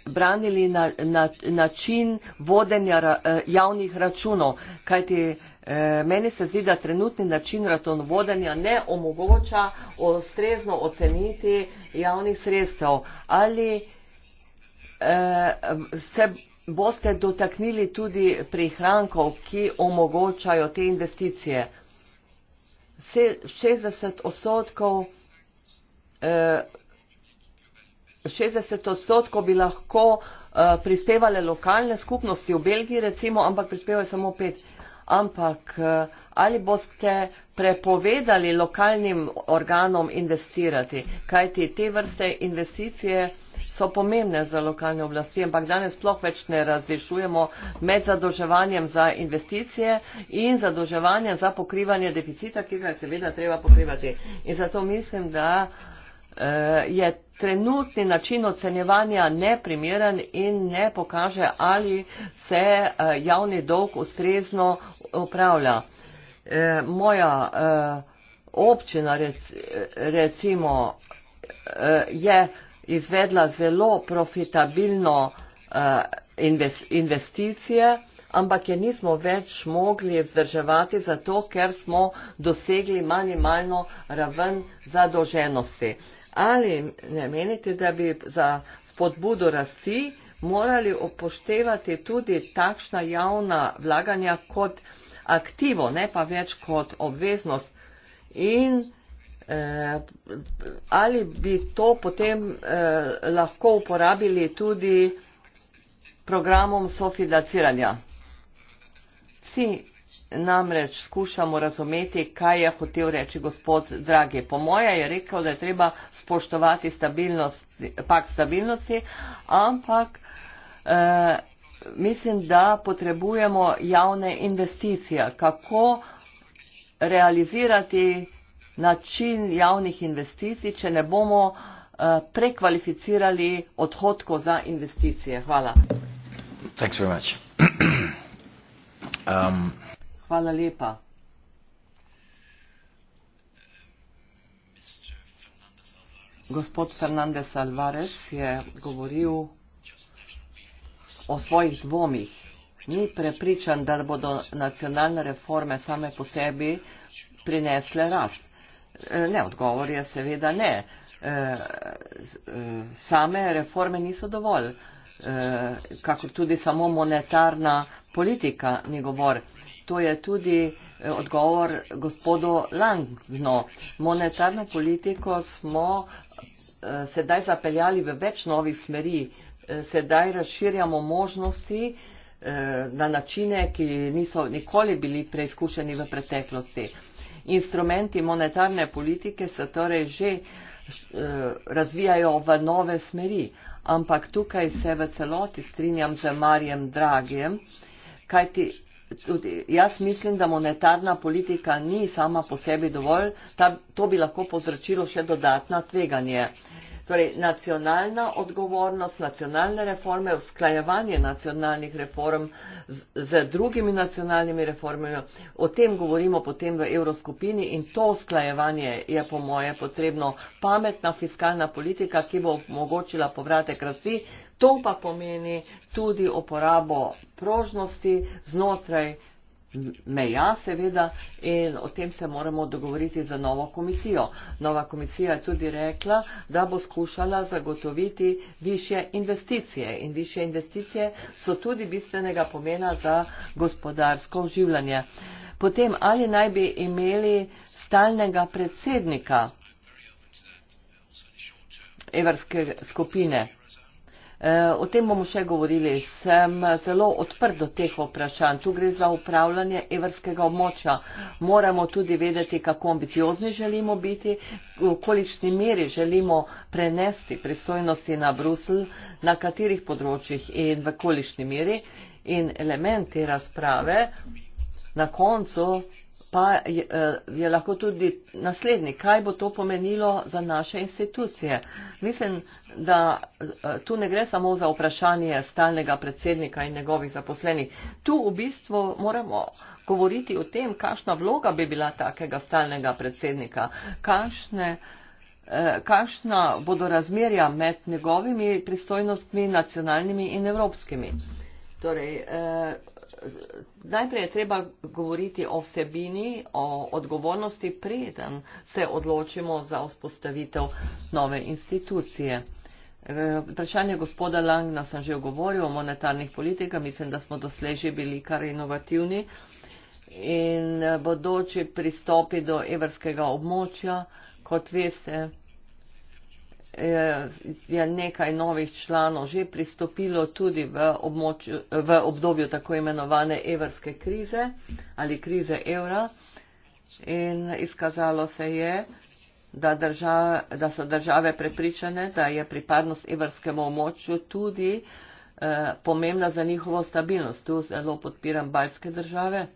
branili na, na, način vodenja ra, eh, javnih računov, kajti eh, meni se zdi, da trenutni način raton vodenja ne omogoča ustrezno oceniti javnih sredstev. Ali eh, se boste dotaknili tudi prihrankov, ki omogočajo te investicije? Se, 60 odstotkov eh, 60 odstotkov bi lahko uh, prispevale lokalne skupnosti v Belgiji, recimo, ampak prispevajo samo 5. Ampak uh, ali boste prepovedali lokalnim organom investirati, kajti te vrste investicije so pomembne za lokalne oblasti, ampak danes sploh več ne razrešujemo med zadolževanjem za investicije in zadolževanjem za pokrivanje deficita, ki ga je seveda treba pokrivati. In zato mislim, da uh, Eh, je trenutni način ocenjevanja neprimeren in ne pokaže, ali se eh, javni dolg ustrezno upravlja. Eh, moja občina recimo je izvedla zelo profitabilno investicije, ampak je nismo več mogli vzdrževati zato, ker smo dosegli manjimalno raven zadolženosti. Ali ne menite, da bi za spodbudo rasti morali upoštevati tudi takšna javna vlaganja kot aktivo, ne pa več kot obveznost? In eh, ali bi to potem eh, lahko uporabili tudi programom sofinanciranja? Vsi namreč skušamo razumeti, kaj je hotel reči gospod Dragi. Po moje je rekel, da je treba spoštovati stabilnost, pak stabilnosti, ampak eh, mislim, da potrebujemo javne investicije. Kako realizirati način javnih investicij, če ne bomo eh, prekvalificirali odhodkov za investicije? Hvala. Thanks very much. um, Hvala lepa. Gospod Fernandez Alvarez je govoril o svojih dvomih. Ni prepričan, da bodo nacionalne reforme same po sebi prinesle rast. E, ne, odgovor je seveda ne. E, e, same reforme niso dovolj, kako tudi samo monetarna politika ni govor. To je tudi eh, odgovor gospodu Langno. Monetarno politiko smo eh, sedaj zapeljali v več novih smeri. Eh, sedaj razširjamo možnosti na načine, ki niso nikoli bili preizkušeni v preteklosti. Instrumenti monetarne politike se torej že razvijajo v nove smeri, ampak tukaj se v celoti strinjam z Marjem Dragjem, kajti tudi jaz mislim, da monetarna politika ni sama po sebi dovolj, ta, to bi lahko povzročilo še dodatna tveganje. Torej, nacionalna odgovornost, nacionalne reforme, usklajevanje nacionalnih reform z, z drugimi nacionalnimi reformami, o tem govorimo potem v Evroskupini in to usklajevanje je po moje potrebno. Pametna fiskalna politika, ki bo omogočila povratek rasti, To pa pomeni tudi uporabo prožnosti znotraj meja, seveda, in o tem se moramo dogovoriti za novo komisijo. Nova komisija je tudi rekla, da bo skušala zagotoviti više investicije in više investicije so tudi bistvenega pomena za gospodarsko oživljanje. Potem, ali naj bi imeli stalnega predsednika evrske skupine? Eh, o tem bomo še govorili. Sem zelo odprt do teh vprašanj. Tu gre za upravljanje evrskega območja. Moramo tudi vedeti, kako ambiciozni želimo biti, v količni meri želimo prenesti pristojnosti na Brusel, na katerih področjih in v količni meri. In element te razprave na koncu pa je, eh, je lahko tudi naslednji, kaj bo to pomenilo za naše institucije. Mislim, da eh, tu ne gre samo za vprašanje stalnega predsednika in njegovih zaposlenih. Tu v bistvu moramo govoriti o tem, kakšna vloga bi bila takega stalnega predsednika, kakšne, eh, kakšna bodo razmerja med njegovimi pristojnostmi, nacionalnimi in evropskimi. Torej, eh, najprej je treba govoriti o vsebini, o odgovornosti, preden se odločimo za vzpostavitev nove institucije. Eh, vprašanje gospoda Langna sem že govoril o monetarnih politikah, mislim, da smo doslej že bili kar inovativni in eh, bodoči pristopi do evrskega območja, kot veste, je nekaj novih članov že pristopilo tudi v, območ, v obdobju tako imenovane evrske krize ali krize evra in izkazalo se je, da, država, da so države prepričane, da je pripadnost evrskemu območju tudi eh, pomembna za njihovo stabilnost. Tu zelo podpiram baljske države.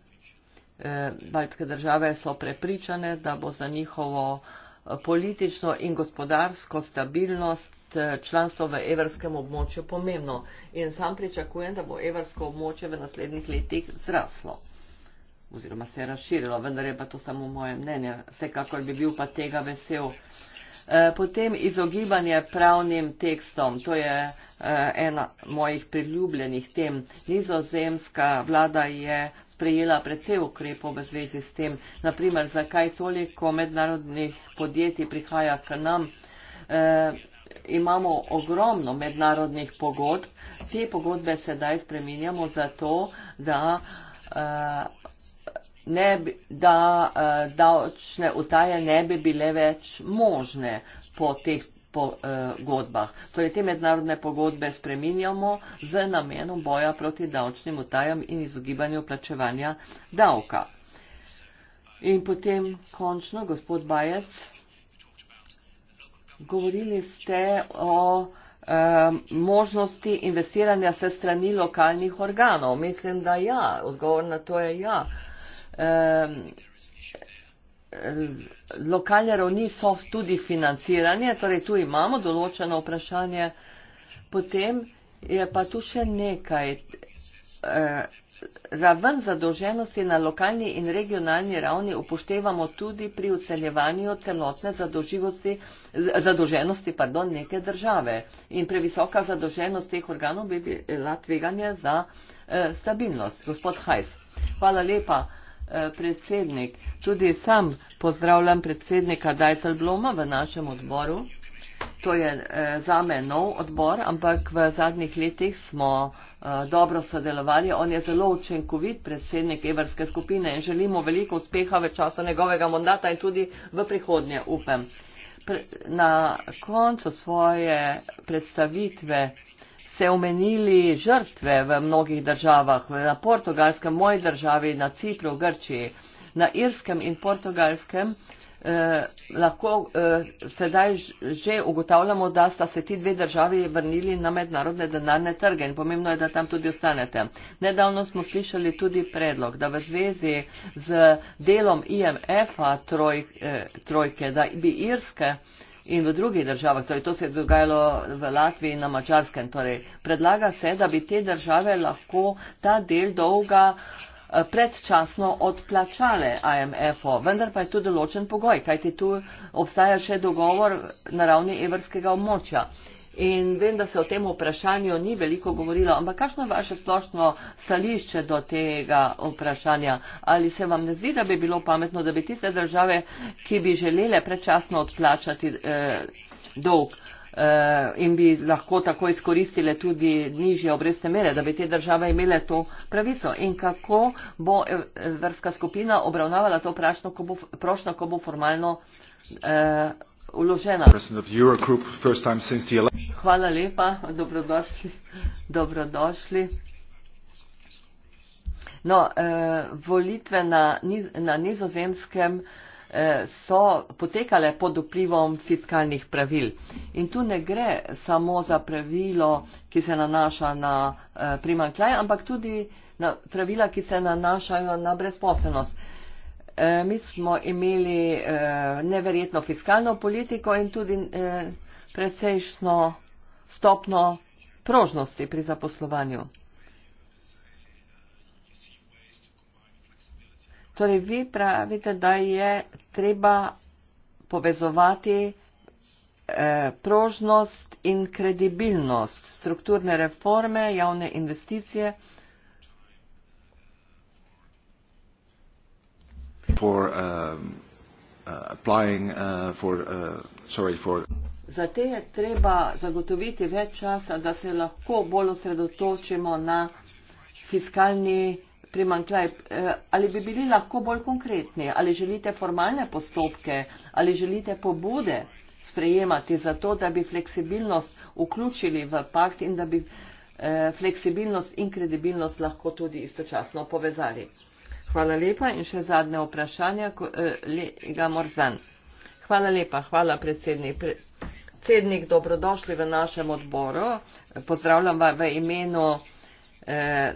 Eh, baljske države so prepričane, da bo za njihovo eh, politično in gospodarsko stabilnost eh, članstvo v evrskem območju pomembno. In sam pričakujem, da bo evrsko območje v naslednjih letih zraslo oziroma se je razširilo, vendar je pa to samo moje mnenje. Vsekakor bi bil pa tega vesel. Eh, potem izogibanje pravnim tekstom, to je eh, ena mojih priljubljenih tem. Nizozemska vlada je sprejela precej ukrepov v zvezi s tem. Naprimer, zakaj toliko mednarodnih podjetij prihaja k nam. E, imamo ogromno mednarodnih pogodb. Te pogodbe sedaj spreminjamo zato, da. E, Ne, da eh, davčne utaje ne bi bile več možne po teh Eh, pogodbah. Eh, torej, te mednarodne pogodbe spreminjamo z namenom boja proti davčnim utajam in izogibanju plačevanja davka. In potem končno, gospod Bajec, govorili ste o eh, možnosti investiranja se strani lokalnih organov. Mislim, da ja, odgovor na to je ja. Eh, lokalne ravni so tudi financiranje, torej tu imamo določeno vprašanje. Potem je pa tu še nekaj. Eh, raven zadolženosti na lokalni in regionalni ravni upoštevamo tudi pri oceljevanju celotne zadolženosti pardon, neke države. In previsoka zadolženost teh organov bi bila tveganje za eh, stabilnost. Gospod Hajs, hvala lepa. Eh, predsednik. Tudi sam pozdravljam predsednika Dajselbloma v našem odboru. To je eh, zame nov odbor, ampak v zadnjih letih smo eh, dobro sodelovali. On je zelo učinkovit predsednik evrske skupine in želimo veliko uspeha v času njegovega mandata in tudi v prihodnje, upem. Na koncu svoje predstavitve ste omenili žrtve v mnogih državah, na portugalskem, moji državi, na Cipru, Grčiji, na irskem in portugalskem, eh, lahko eh, sedaj že ugotavljamo, da sta se ti dve državi vrnili na mednarodne denarne trge in pomembno je, da tam tudi ostanete. Nedavno smo slišali tudi predlog, da v zvezi z delom IMF-a troj, eh, trojke, da bi irske eh, in v drugih državah, torej to se je dogajalo v Latviji in na Mačarskem, torej predlaga se, da bi te države lahko ta del dolga eh, predčasno odplačale IMF-o, vendar pa je tu določen pogoj, kajti tu obstaja še dogovor na ravni evrskega območja in vem da se o tem vprašanju ni veliko govorilo ampak kakšno je vaše splošno stališče do tega vprašanja ali se vam ne zdi da bi bilo pametno da bi tiste države ki bi želele predčasno odplačati eh, dolg eh, in bi lahko tako izkoristile tudi nižje obrestne mere, da bi te države imele to pravico. In kako bo evropska skupina obravnavala to prošnjo, ko bo formalno eh, vložena. Hvala lepa, dobrodošli. dobrodošli. No, eh, volitve na, niz, na nizozemskem eh, so potekale pod vplivom fiskalnih pravil. In tu ne gre samo za pravilo, ki se nanaša na eh, primankljaj, ampak tudi na pravila, ki se nanašajo na brezposelnost. Eh, Eh, mi smo imeli eh, neverjetno fiskalno politiko in tudi eh, precejšno stopno prožnosti pri zaposlovanju. Torej, vi pravite, da je treba povezovati prožnost in kredibilnost strukturne reforme, javne investicije, for um, uh, applying uh, for uh, sorry for Za te je treba zagotoviti več časa, da se lahko bolj osredotočimo na fiskalni primankljaj. Eh, ali bi bili lahko bolj konkretni? Ali želite formalne postopke? Ali želite pobude sprejemati za to, da bi fleksibilnost vključili v pakt in da bi eh, fleksibilnost in kredibilnost lahko tudi istočasno povezali? Hvala lepa. In še zadnje vprašanje, eh, kolega Morzan. Hvala lepa, hvala predsednik. Predsednik, dobrodošli v našem odboru. Pozdravljam vas v imenu eh,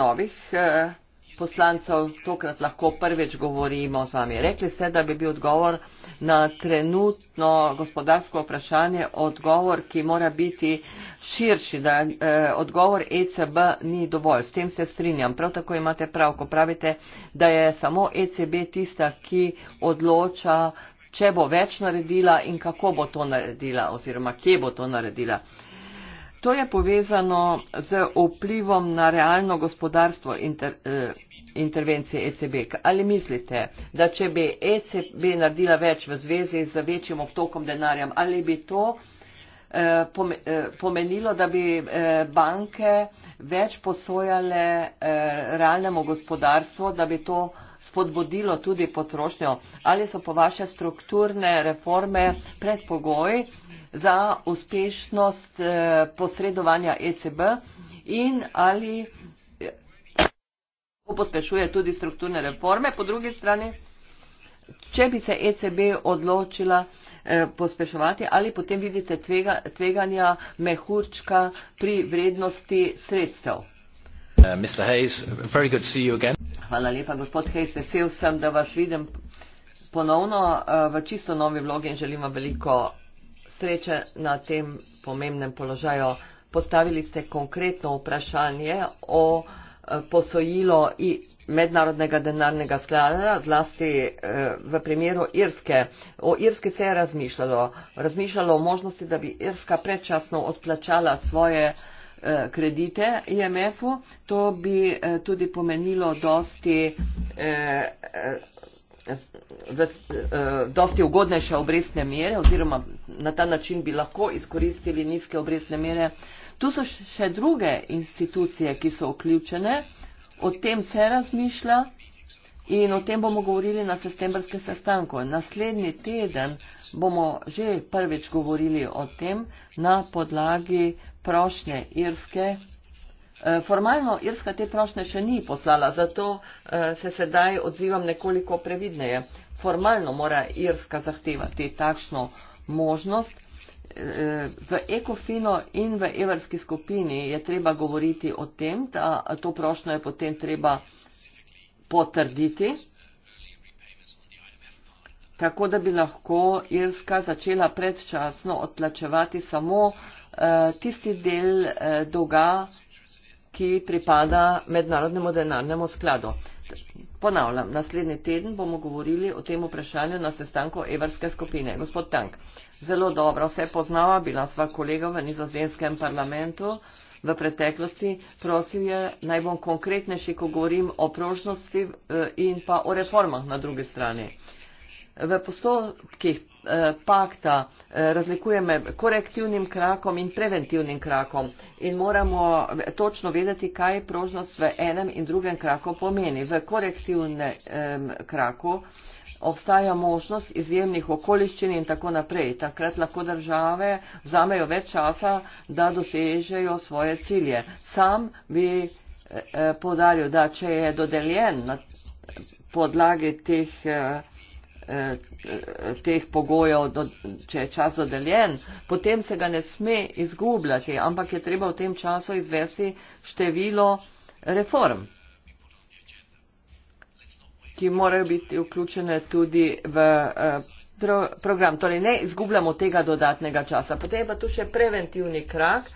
novih. Eh, poslancev tokrat lahko prvič govorimo z vami. Rekli ste, da bi bil odgovor na trenutno gospodarsko vprašanje odgovor, ki mora biti širši, da eh, odgovor ECB ni dovolj. S tem se strinjam. Prav tako imate prav, ko pravite, da je samo ECB tista, ki odloča, če bo več naredila in kako bo to naredila oziroma kje bo to naredila. To je povezano z vplivom na realno gospodarstvo. Inter, eh, intervencije ECB. Ali mislite, da če bi ECB naredila več v zvezi z večjim obtokom denarjem, ali bi to eh, eh, pomenilo, da bi eh, banke več posojale realnemu gospodarstvu, da bi to spodbudilo tudi potrošnjo. Ali so po vaše strukturne reforme predpogoj za uspešnost posredovanja ECB in ali To pospešuje tudi strukturne reforme. Po drugi strani, če bi se ECB odločila eh, pospeševati ali potem vidite tvega, tveganja mehurčka pri vrednosti sredstev. Uh, Hayes, very good to see you again. Hvala lepa, gospod Hayes. Vesel sem, da vas vidim ponovno uh, v čisto novi vlogi in želim vam veliko sreče na tem pomembnem položaju. Postavili ste konkretno vprašanje o uh, posojilo mednarodnega denarnega sklada, zlasti eh, v primeru Irske. O Irski se je razmišljalo. Razmišljalo o možnosti, da bi Irska predčasno odplačala svoje eh, kredite IMF-u. To bi eh, tudi pomenilo dosti, dosti ugodnejše obrestne mere oziroma na ta način bi lahko izkoristili nizke obrestne mere. Tu so še druge institucije, ki so vključene, o tem se razmišlja in o tem bomo govorili na septembrskem sestanku. Naslednji teden bomo že prvič govorili o tem na podlagi prošnje Irske. E, formalno Irska te prošnje še ni poslala, zato e, se sedaj odzivam nekoliko previdneje. Formalno mora Irska zahtevati takšno možnost, v Ekofino in v evrski skupini je treba govoriti o tem, da to prošlo je potem treba potrditi, tako da bi lahko Irska začela predčasno odplačevati samo eh, tisti del eh, dolga, ki pripada mednarodnemu denarnemu skladu. Ponavljam, naslednji teden bomo govorili o tem vprašanju na sestanku evrske skupine. Gospod Tank, zelo dobro se poznava, bila sva kolega v nizozemskem parlamentu v preteklosti. Prosil je, naj bom konkretnejši, ko govorim o prožnosti eh, in pa o reformah na drugi strani. V postopkih Eh, pakta eh, razlikuje med korektivnim krakom in preventivnim krakom in moramo točno vedeti, kaj prožnost v enem in drugem kraku pomeni. V korektivnem kraku obstaja možnost izjemnih okoliščin in tako naprej. Takrat lahko države vzamejo več časa, da dosežejo svoje cilje. Sam bi eh, podaril, da če je dodeljen na podlagi teh Eh, teh pogojev, do, če je čas dodeljen, potem se ga ne sme izgubljati, ampak je treba v tem času izvesti število reform, ki morajo biti vključene tudi v eh, pro, program. Torej ne izgubljamo tega dodatnega časa. Potem je pa tu še preventivni krak.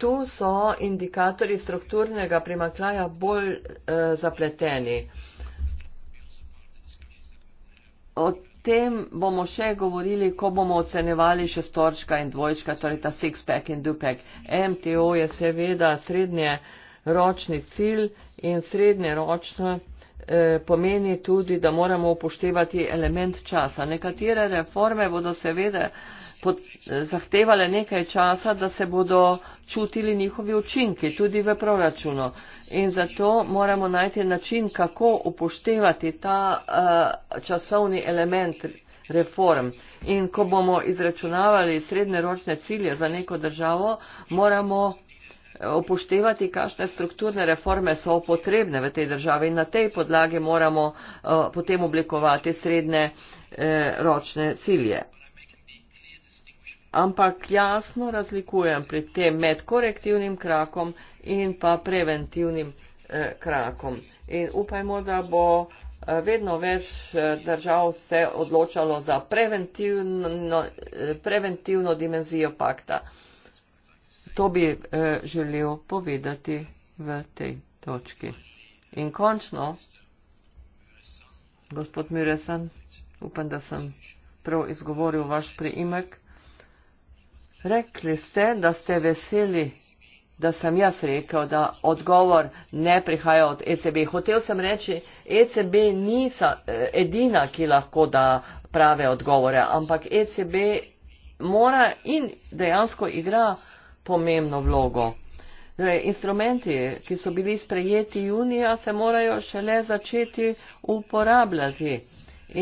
Tu so indikatorji strukturnega primaklaja bolj eh, zapleteni. Eh, O tem bomo še govorili, ko bomo ocenjevali šestorčka in dvojčka, torej ta six-pack in dupek. MTO je seveda srednje ročni cilj in srednje ročno Eh, pomeni tudi, da moramo upoštevati element časa. Nekatere reforme bodo seveda pod, eh, zahtevale nekaj časa, da se bodo čutili njihovi učinki tudi v proračunu. In zato moramo najti način, kako upoštevati ta uh, časovni element reform. In ko bomo izračunavali srednjeročne cilje za neko državo, moramo upoštevati, kakšne strukturne reforme so potrebne v tej državi in na tej podlagi moramo eh, potem oblikovati srednje eh, ročne cilje. Ampak jasno razlikujem pri tem med korektivnim krakom in pa preventivnim eh, krakom. In upajmo, da bo vedno več držav se odločalo za preventivno, preventivno dimenzijo pakta. To bi eh, želel povedati v tej točki. In končno, gospod Miresan, upam, da sem prav izgovoril vaš priimek, rekli ste, da ste veseli, da sem jaz rekel, da odgovor ne prihaja od ECB. Hotel sem reči, ECB ni eh, edina, ki lahko da prave odgovore, ampak ECB mora in dejansko igra pomembno vlogo. Zdaj, instrumenti, ki so bili sprejeti junija, se morajo šele začeti uporabljati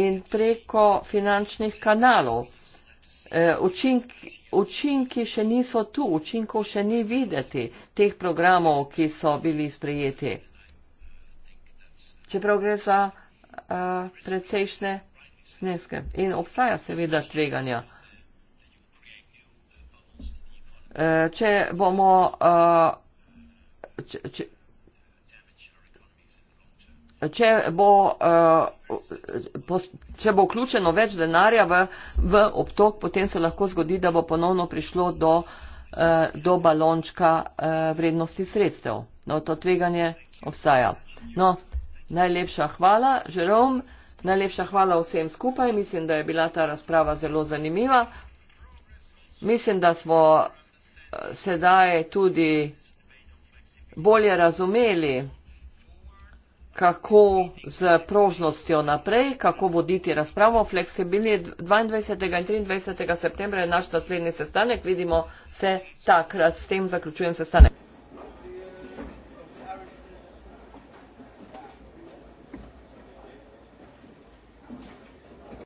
in preko finančnih kanalov. E, učink, učinki še niso tu, učinkov še ni videti teh programov, ki so bili sprejeti. Čeprav gre za e, precejšnje zneske in obstaja seveda tveganja. Eh, če bomo. Eh, če, če, Če bo, eh, če bo vključeno več denarja v, v obtok, potem se lahko zgodi, da bo ponovno prišlo do, do balončka vrednosti sredstev. No, to tveganje obstaja. No, najlepša hvala, Žerom, najlepša hvala vsem skupaj. Mislim, da je bila ta razprava zelo zanimiva. Mislim, da smo sedaj tudi bolje razumeli, kako z prožnostjo naprej, kako voditi razpravo. Fleksibilni 22. in 23. septembra je naš naslednji sestanek. Vidimo se takrat. S tem zaključujem sestanek.